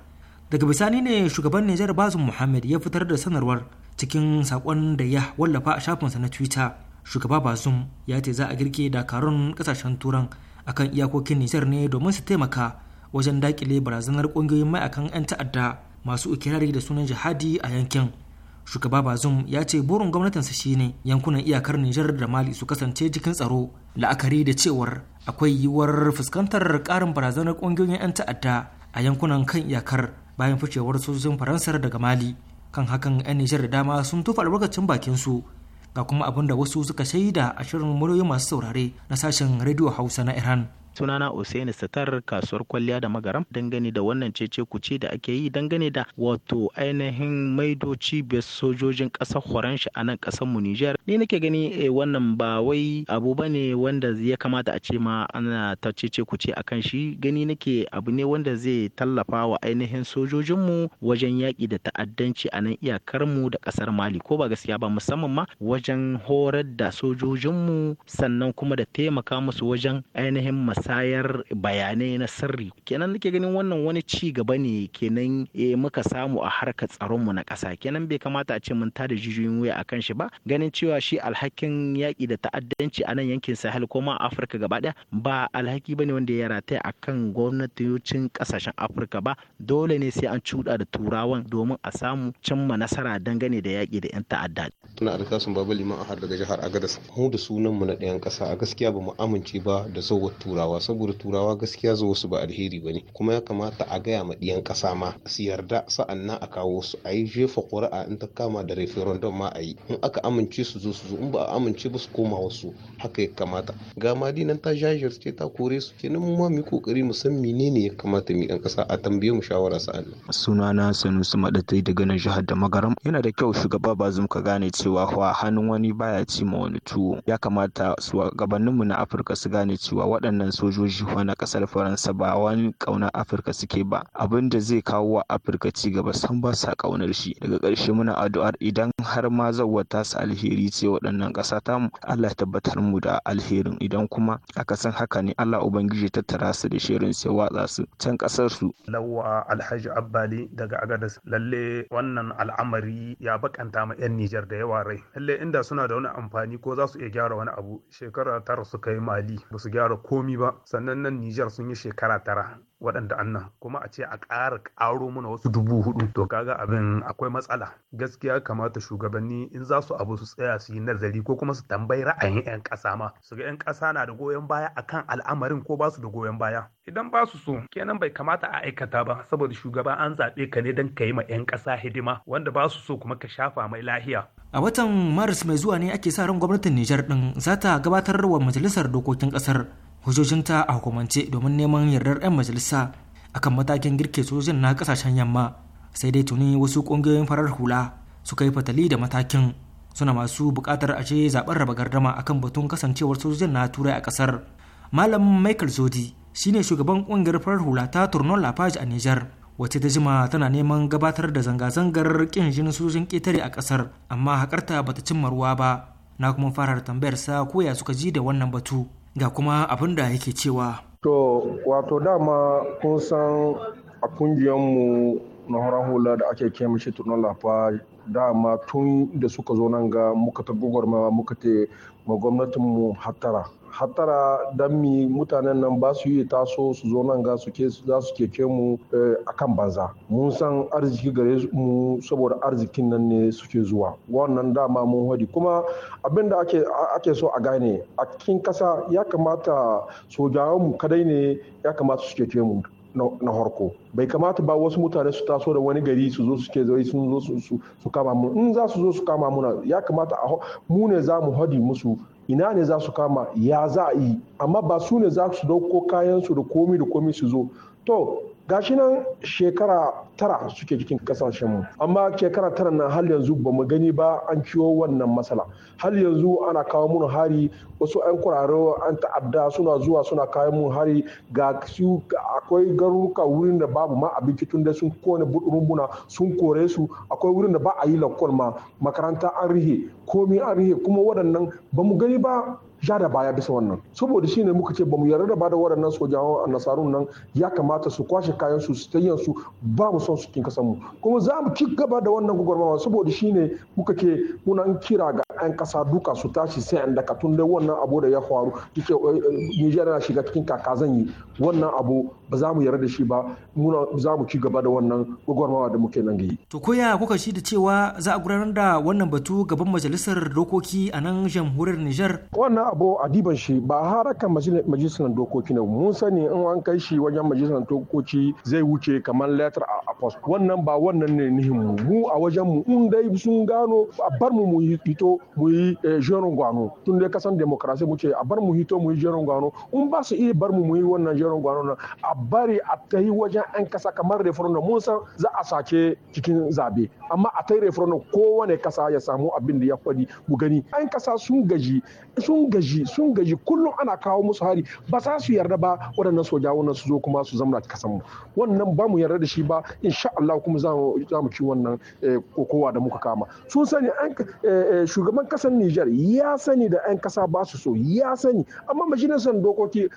daga bisani ne shugaban nijar bazum muhammad ya fitar da sanarwar cikin sakon da ya wallafa a shafinsa na twitter shugaba bazum ya ce za a girke dakarun kasashen turan akan iyakokin nijar ne domin su taimaka wajen dakile barazanar kungiyoyin ma'aikan 'yan ta'adda masu ikirari da sunan jihadi a yankin shugaba bazum ya ce burin gwamnatinsa shine yankunan iyakar nijar da mali su kasance cikin tsaro la'akari da cewar akwai yiwuwar fuskantar karin barazanar ƙungiyoyin 'yan ta'adda a yankunan kan iyakar bayan ficewar sojojin faransar daga mali kan hakan 'yan nijar da dama sun tufa albarkacin bakin su ga kuma abin da wasu suka shaida a shirin muryoyi masu saurare na sashen rediyo hausa na iran sunana Usaini Satar kasuwar kwalliya da magaram dangane da wannan cece kuce da ake yi dangane da wato ainihin maido cibiyar sojojin ƙasar Horanshi a nan ƙasar mu Nijar ni nake gani eh, wannan ba wai abu bane wanda ya kamata a ce ma ana ta cece kuce akan shi gani nake abu ne wanda zai tallafa wa ainihin sojojinmu wajen yaƙi da ta'addanci a nan iyakar mu da ƙasar Mali ko ba gaskiya ba musamman ma wajen horar da sojojinmu sannan kuma da taimaka musu wajen ainihin mas musayar bayanai na sirri kenan nake ganin wannan wani ci gaba ne kenan eh, muka samu a harkar tsaronmu na kasa kenan bai kamata a ce mun tada jijiyoyin wuya akan shi ba ganin cewa shi alhakin yaƙi da ta'addanci a nan yankin sahel ko ma afirka gaba ɗaya ba alhaki bane wanda ya rataya akan gwamnatocin ƙasashen afirka ba dole ne sai an cuɗa da turawan domin a samu cimma nasara dangane da yaƙi da 'yan ta'adda. Tuna alkasun Baba Liman Ahar daga jihar Agadas. Mu da sunan mu na ɗayan ƙasa a gaskiya ba mu amince ba da zowar turawa. turawa saboda turawa gaskiya zuwa su ba alheri ba ne kuma ya kamata a gaya ma ɗiyan ƙasa ma su yarda sa'annan a kawo su a yi jefa ƙuri'a in ta kama da referendum ma a yi in aka amince su zo su zo in ba a amince ba su koma wasu haka ya kamata ga nan ta jajirce ta kore su kenan mu ma mu kokari mu san menene ya kamata mu ɗan ƙasa a tambaye mu shawara sa'annan sunana sanusi madatai daga nan jihar da magaram yana da kyau shugaba bazum ka gane cewa wa hannun wani baya ci ma wani tuwo ya kamata su gabaninmu na afirka su gane cewa waɗannan su sojoji fa na kasar faransa ba wani kauna afirka suke ba abin da zai kawo wa afirka ci gaba san ba sa kaunar shi daga ƙarshe muna addu'ar idan har ma zawwa ta su alheri ce waɗannan ƙasa mu allah tabbatar mu da alherin idan kuma aka san haka ne allah ubangiji tattara su da shirin sai watsa su can ƙasar su lawa alhaji abbali daga agadas lalle wannan al'amari ya bakanta ma 'yan nijar da yawa rai lalle inda suna da wani amfani ko za su iya gyara wani abu shekara tara suka kai mali ba su gyara komi ba sannan nan Nijar sun yi shekara tara waɗanda annan kuma a ce a ƙara ƙaro mana wasu dubu hudu to kaga abin akwai matsala gaskiya kamata shugabanni in za su abu su tsaya su yi nazari ko kuma su tambayi ra'ayin 'yan ƙasa ma su ga 'yan ƙasa na da goyon baya akan al'amarin ko ba su da goyon baya idan ba su so kenan bai kamata a aikata ba saboda shugaba an zaɓe ka ne don ka yi ma 'yan ƙasa hidima wanda ba su so kuma ka shafa mai lahiya a watan maris mai zuwa ne ake sa ran gwamnatin nijar din za ta gabatar wa majalisar dokokin ƙasar hujjojinta a hukumance domin neman yardar 'yan majalisa akan matakin girke sojojin na kasashen yamma sai dai tuni wasu ƙungiyoyin farar hula suka yi fatali da matakin suna masu buƙatar a ce zaɓen raba gardama akan batun kasancewar sojojin na turai a ƙasar malam michael zodi shine shugaban ƙungiyar farar hula ta turnon lafaji a nijar wacce ta jima tana neman gabatar da zanga-zangar ƙin jinin sojojin ƙetare a ƙasar amma haƙarta bata cimma ruwa ba na kuma fara tambayar sa koya suka ji da wannan batu ga kuma abin da yake cewa to wato dama kun san a mu na horon hula da ake kai shi tunan lafa dama tun da suka zo nan ga muka ta gwagwarmawa muka ta ma gwamnatinmu hattara Hatara dan mi mutanen nan ba su yi taso su zo nan ga su za su keke mu eh, a kan banza mun san arziki gare mu saboda arzikin nan ne suke zuwa wannan dama mun hadi kuma abin da ake so a gane a cikin kasa ya kamata sojawan mu kadai ne ya kamata su keke mu na harko bai kamata ba wasu mutane su taso da wani gari su zo suke zai sun zo su kama mu za su zo su kama muna ya kamata mu ne za mu hadi musu ina ne za su kama ya za a yi amma ba su ne za su dauko kayan su da komi da komi su zo to gashi nan shekara tara suke jikin mu amma shekara tara na hal yanzu ba mu gani ba an ciwo wannan matsala hal yanzu ana kawo mun hari wasu 'yan kurare an ta'adda suna zuwa suna kawo mun hari ga su akwai garuruka wurin da babu ma abinci tun da sun kone rumbuna sun kore su akwai wurin da ba a yi lakon ma makaranta an rihe komi an rihe kuma waɗannan ba mu gani ba ja da baya bisa wannan saboda shi ne muka ce ba mu yarda ba da waɗannan sojawan nasarun nan ya kamata su kwashe kayan su su tayyan su ba mu son su kin kasan mu kuma za mu ci gaba da wannan gwagwarmawa saboda shi ne muka ce muna kira ga 'yan kasa duka su tashi sai an daka tun da wannan abu da ya faru yake eh, Nijar na shiga cikin kakazan yi wannan abu ba za mu yarda da shi ba muna za mu ci gaba da wannan gwagwarmawa da muke nan gayi to koya kuka shi da cewa za a gudanar da wannan batu gaban majalisar dokoki a nan jamhuriyar Nijar wannan abu a diban shi ba harakan majalisar dokoki ne mun sani in an kai shi wajen majalisar dokoki zai wuce kamar letter a post wannan ba wannan ne nihin mu mu a wajen mu in dai sun gano a bar mu mu hito mu yi eh, jerin gwano tun dai kasan demokrasi mu ce a bar mu hito mu yi jerin gwano in ba su iya bar mu mu yi wannan jerin gwano nan a bari a ta yi wajen an kasa kamar referendum mun san za a sace cikin zabe amma a ta yi referendum kowane kasa ya samu abin da ya faɗi mu gani an kasa sun gaji sun gaji gaji sun gaji kullum ana kawo musu hari ba za su yarda ba waɗannan wannan su zo kuma su zamana kasan mu wannan ba mu yarda da shi ba insha Allah kuma za mu ci wannan eh, kokowa da muka kama sun sani an eh, eh, shugaban kasan Nijar ya sani da an kasa ba su so ya sani amma majalisar dokoki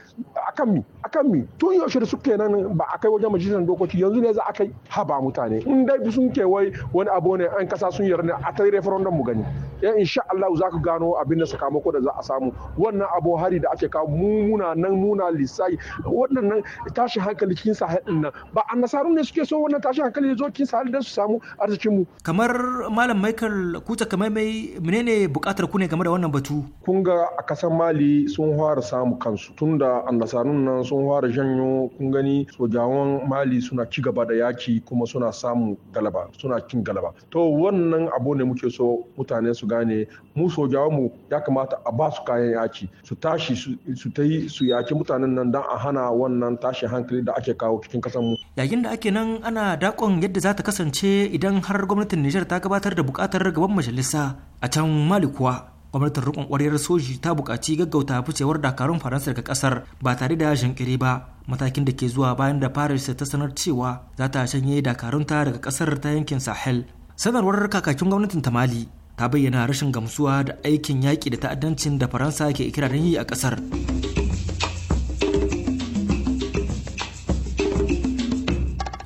akan mi akan mi tun yaushe da suke nan ba a kai wajen majalisar dokoki yanzu ne za a kai haba mutane in dai sun ke wai wani abu ne 'yan kasa sun yarda a tare referendum mu gani ya insha Allah za ku gano abin da sakamako da za a samu wannan abu hari da ake kawo mumuna nan muna wannan waɗannan tashi hankali kin sa haɗin nan ba a nasarun ne suke so wannan tashi hankali zo kin sa da su samu arzikin mu kamar malam Michael kuta kamar mai menene buƙatar ku ne game da wannan batu kun ga a kasan Mali sun fara samu kansu tunda annasarun nan sun fara janyo kun gani sojawan Mali suna ci gaba da yaki kuma suna samun galaba suna cin galaba to wannan abu ne muke so mutane su su gane mu sojawan mu ya kamata a ba su kayan yaki su tashi su ta yi su yaki mutanen nan don a hana wannan tashi hankali da ake kawo cikin kasan mu yayin da ake nan ana dakon yadda za ta kasance idan har gwamnatin Nijar ta gabatar da bukatar gaban majalisa a can Mali kuwa gwamnatin rikon kwaryar soji ta bukaci gaggauta ficewar dakarun faransa daga kasar ba tare da jinkiri ba matakin da ke zuwa bayan da paris ta sanar cewa za ta shanye dakarunta daga kasar ta yankin sahel sanarwar kakakin gwamnatin ta mali ta bayyana rashin gamsuwa da aikin yaƙi da ta'addancin da faransa ke ikirarin yi a ƙasar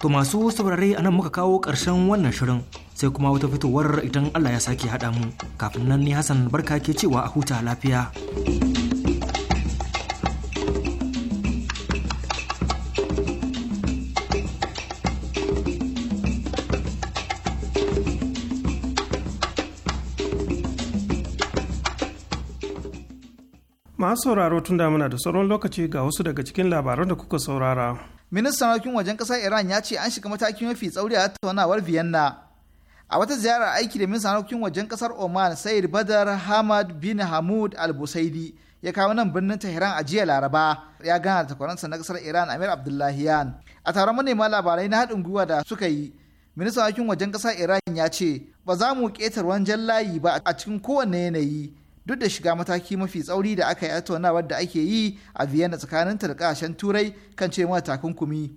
to masu saurare a nan muka kawo ƙarshen wannan shirin sai kuma wata fitowar idan allah ya sake haɗa mu kafin nan ni hassan barka ke cewa a huta lafiya. masu sauraro tun da muna da sauran lokaci ga wasu daga cikin labaran da kuka saurara ministan harkokin wajen ƙasar iran ya ce an shiga matakin mafi tsauri a tattaunawar vienna a wata ziyarar aiki da ministan harkokin wajen ƙasar oman sayid badar hamad bin hamud al-busaidi ya kawo nan birnin Tehran a jiya Laraba ya gana da takwaransa na kasar Iran Amir yan A taron manema labarai na haɗin gwiwa da suka yi, ministan harkokin wajen ƙasar Iran ya ce, ba za mu ƙetar wajen layi ba a cikin kowane yanayi duk da shiga mataki mafi tsauri da aka yi tattaunawar da ake yi a vienna tsakanin da kasashen turai kan ce mata takunkumi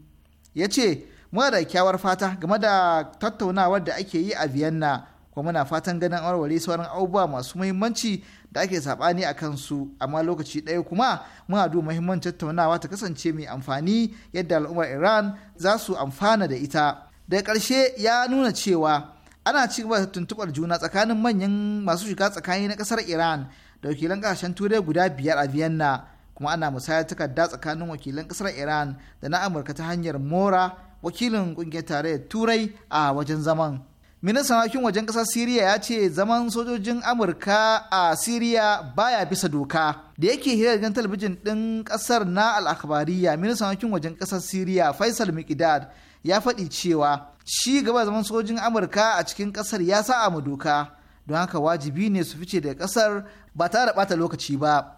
ya ce muna da kyawar fata game da tattaunawar da ake yi a vienna kuma muna fatan ganin warware sauran abubuwa masu muhimmanci da ake saɓani a kansu amma lokaci ɗaya kuma muna duba muhimmancin tattaunawa ta kasance mai amfani yadda al'ummar iran za su amfana da ita daga ƙarshe ya nuna cewa ana ci gaba da tuntuɓar juna tsakanin manyan masu shiga tsakani na ƙasar iran da wakilan ƙasashen turai guda biyar a vienna kuma ana musayar takarda tsakanin wakilan ƙasar iran da na amurka ta hanyar mora wakilin ƙungiyar tarayyar turai a wajen zaman ministan harkokin wajen ƙasar siriya ya ce zaman sojojin amurka a siriya baya bisa doka da yake hira da talabijin ɗin ƙasar na al'akabariya ministan harkokin wajen ƙasar siriya faisal mikidad ya faɗi cewa ci gaba zaman sojin amurka a cikin ƙasar ya sa mu doka don haka wajibi ne su fice daga ƙasar ba tare da ɓata lokaci ba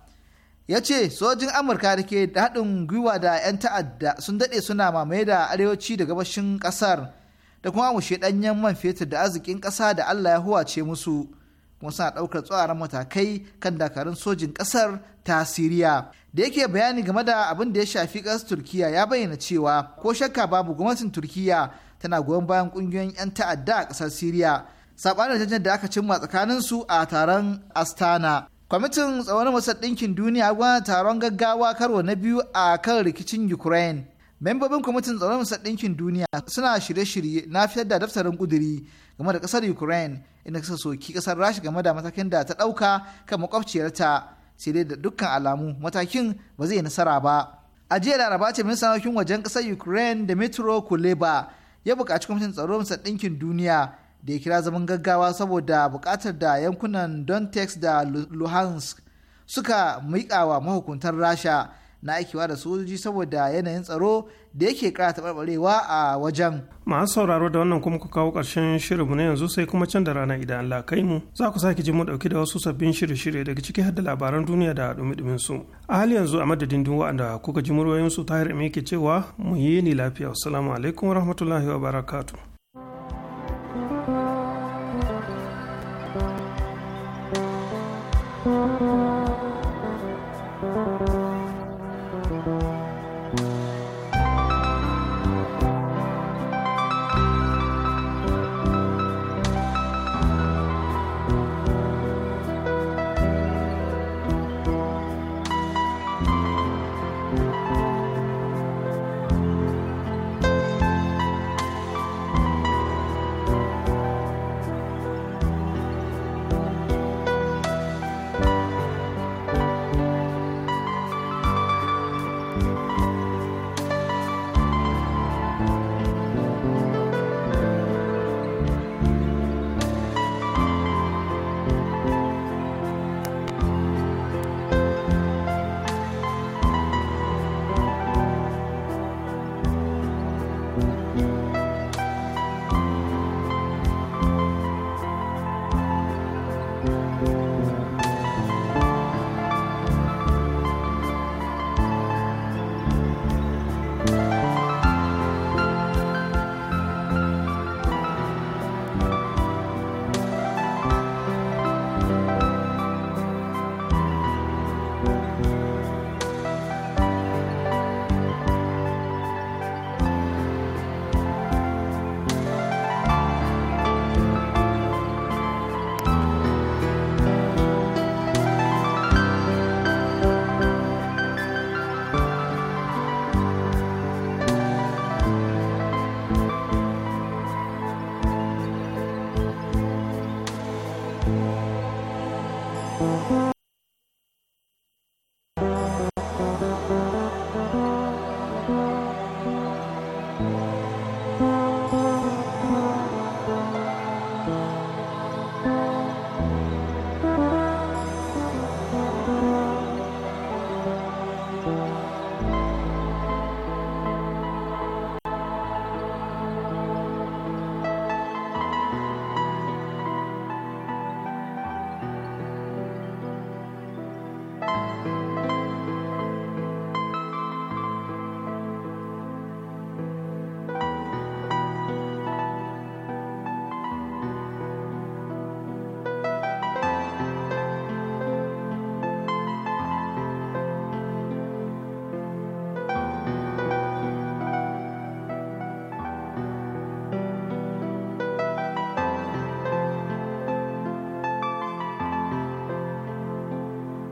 ya ce sojin amurka da ke da haɗin gwiwa da 'yan ta'adda sun daɗe suna mamaye da arewaci da gabashin ƙasar da kuma mushe ɗanyen man fetur da arzikin ƙasa da allah ya huwace musu kuma suna ɗaukar tsawaran matakai kan dakarun sojin ƙasar ta siriya da yake bayani game da abin da ya shafi ƙasar turkiya ya bayyana cewa ko shakka babu gwamnatin turkiya tana goyon bayan ƙungiyoyin 'yan ta'adda a ƙasar siriya saɓanin janjan da aka cimma tsakanin su a taron astana kwamitin tsawon masar ɗinkin duniya gwamnati taron gaggawa karo na biyu a kan rikicin ukraine membobin kwamitin tsaron masar ɗinkin duniya suna shirye-shirye na fitar da daftarin ƙuduri game da ƙasar ukraine inda suka soki kasar rashi game da matakin da ta ɗauka kan makwabciyarta sai dai da dukkan alamu matakin ba zai nasara ba a jiya laraba ce ministan harkokin wajen ƙasar ukraine da metro kuleba ya buƙaci kwamitin tsaro masa ɗinkin duniya da ya kira zaman gaggawa saboda buƙatar da yankunan donetsk da luhansk suka miƙa mahukuntar rasha na da sojoji saboda yanayin tsaro da yake kara taɓarɓarewa a wajen. Masu sauraro da wannan kuma ku kawo ƙarshen shirinmu na yanzu sai kuma can da rana idan Allah kai mu za ku sake jin mu ɗauki da wasu sabbin shirye-shirye daga ciki har da labaran duniya da ɗumi-ɗumin su. A hali yanzu a madadin duk waɗanda kuka ji muryoyin su tahir ke cewa mu yi ni lafiya. Assalamu alaikum wa rahmatullahi wa barakatuh.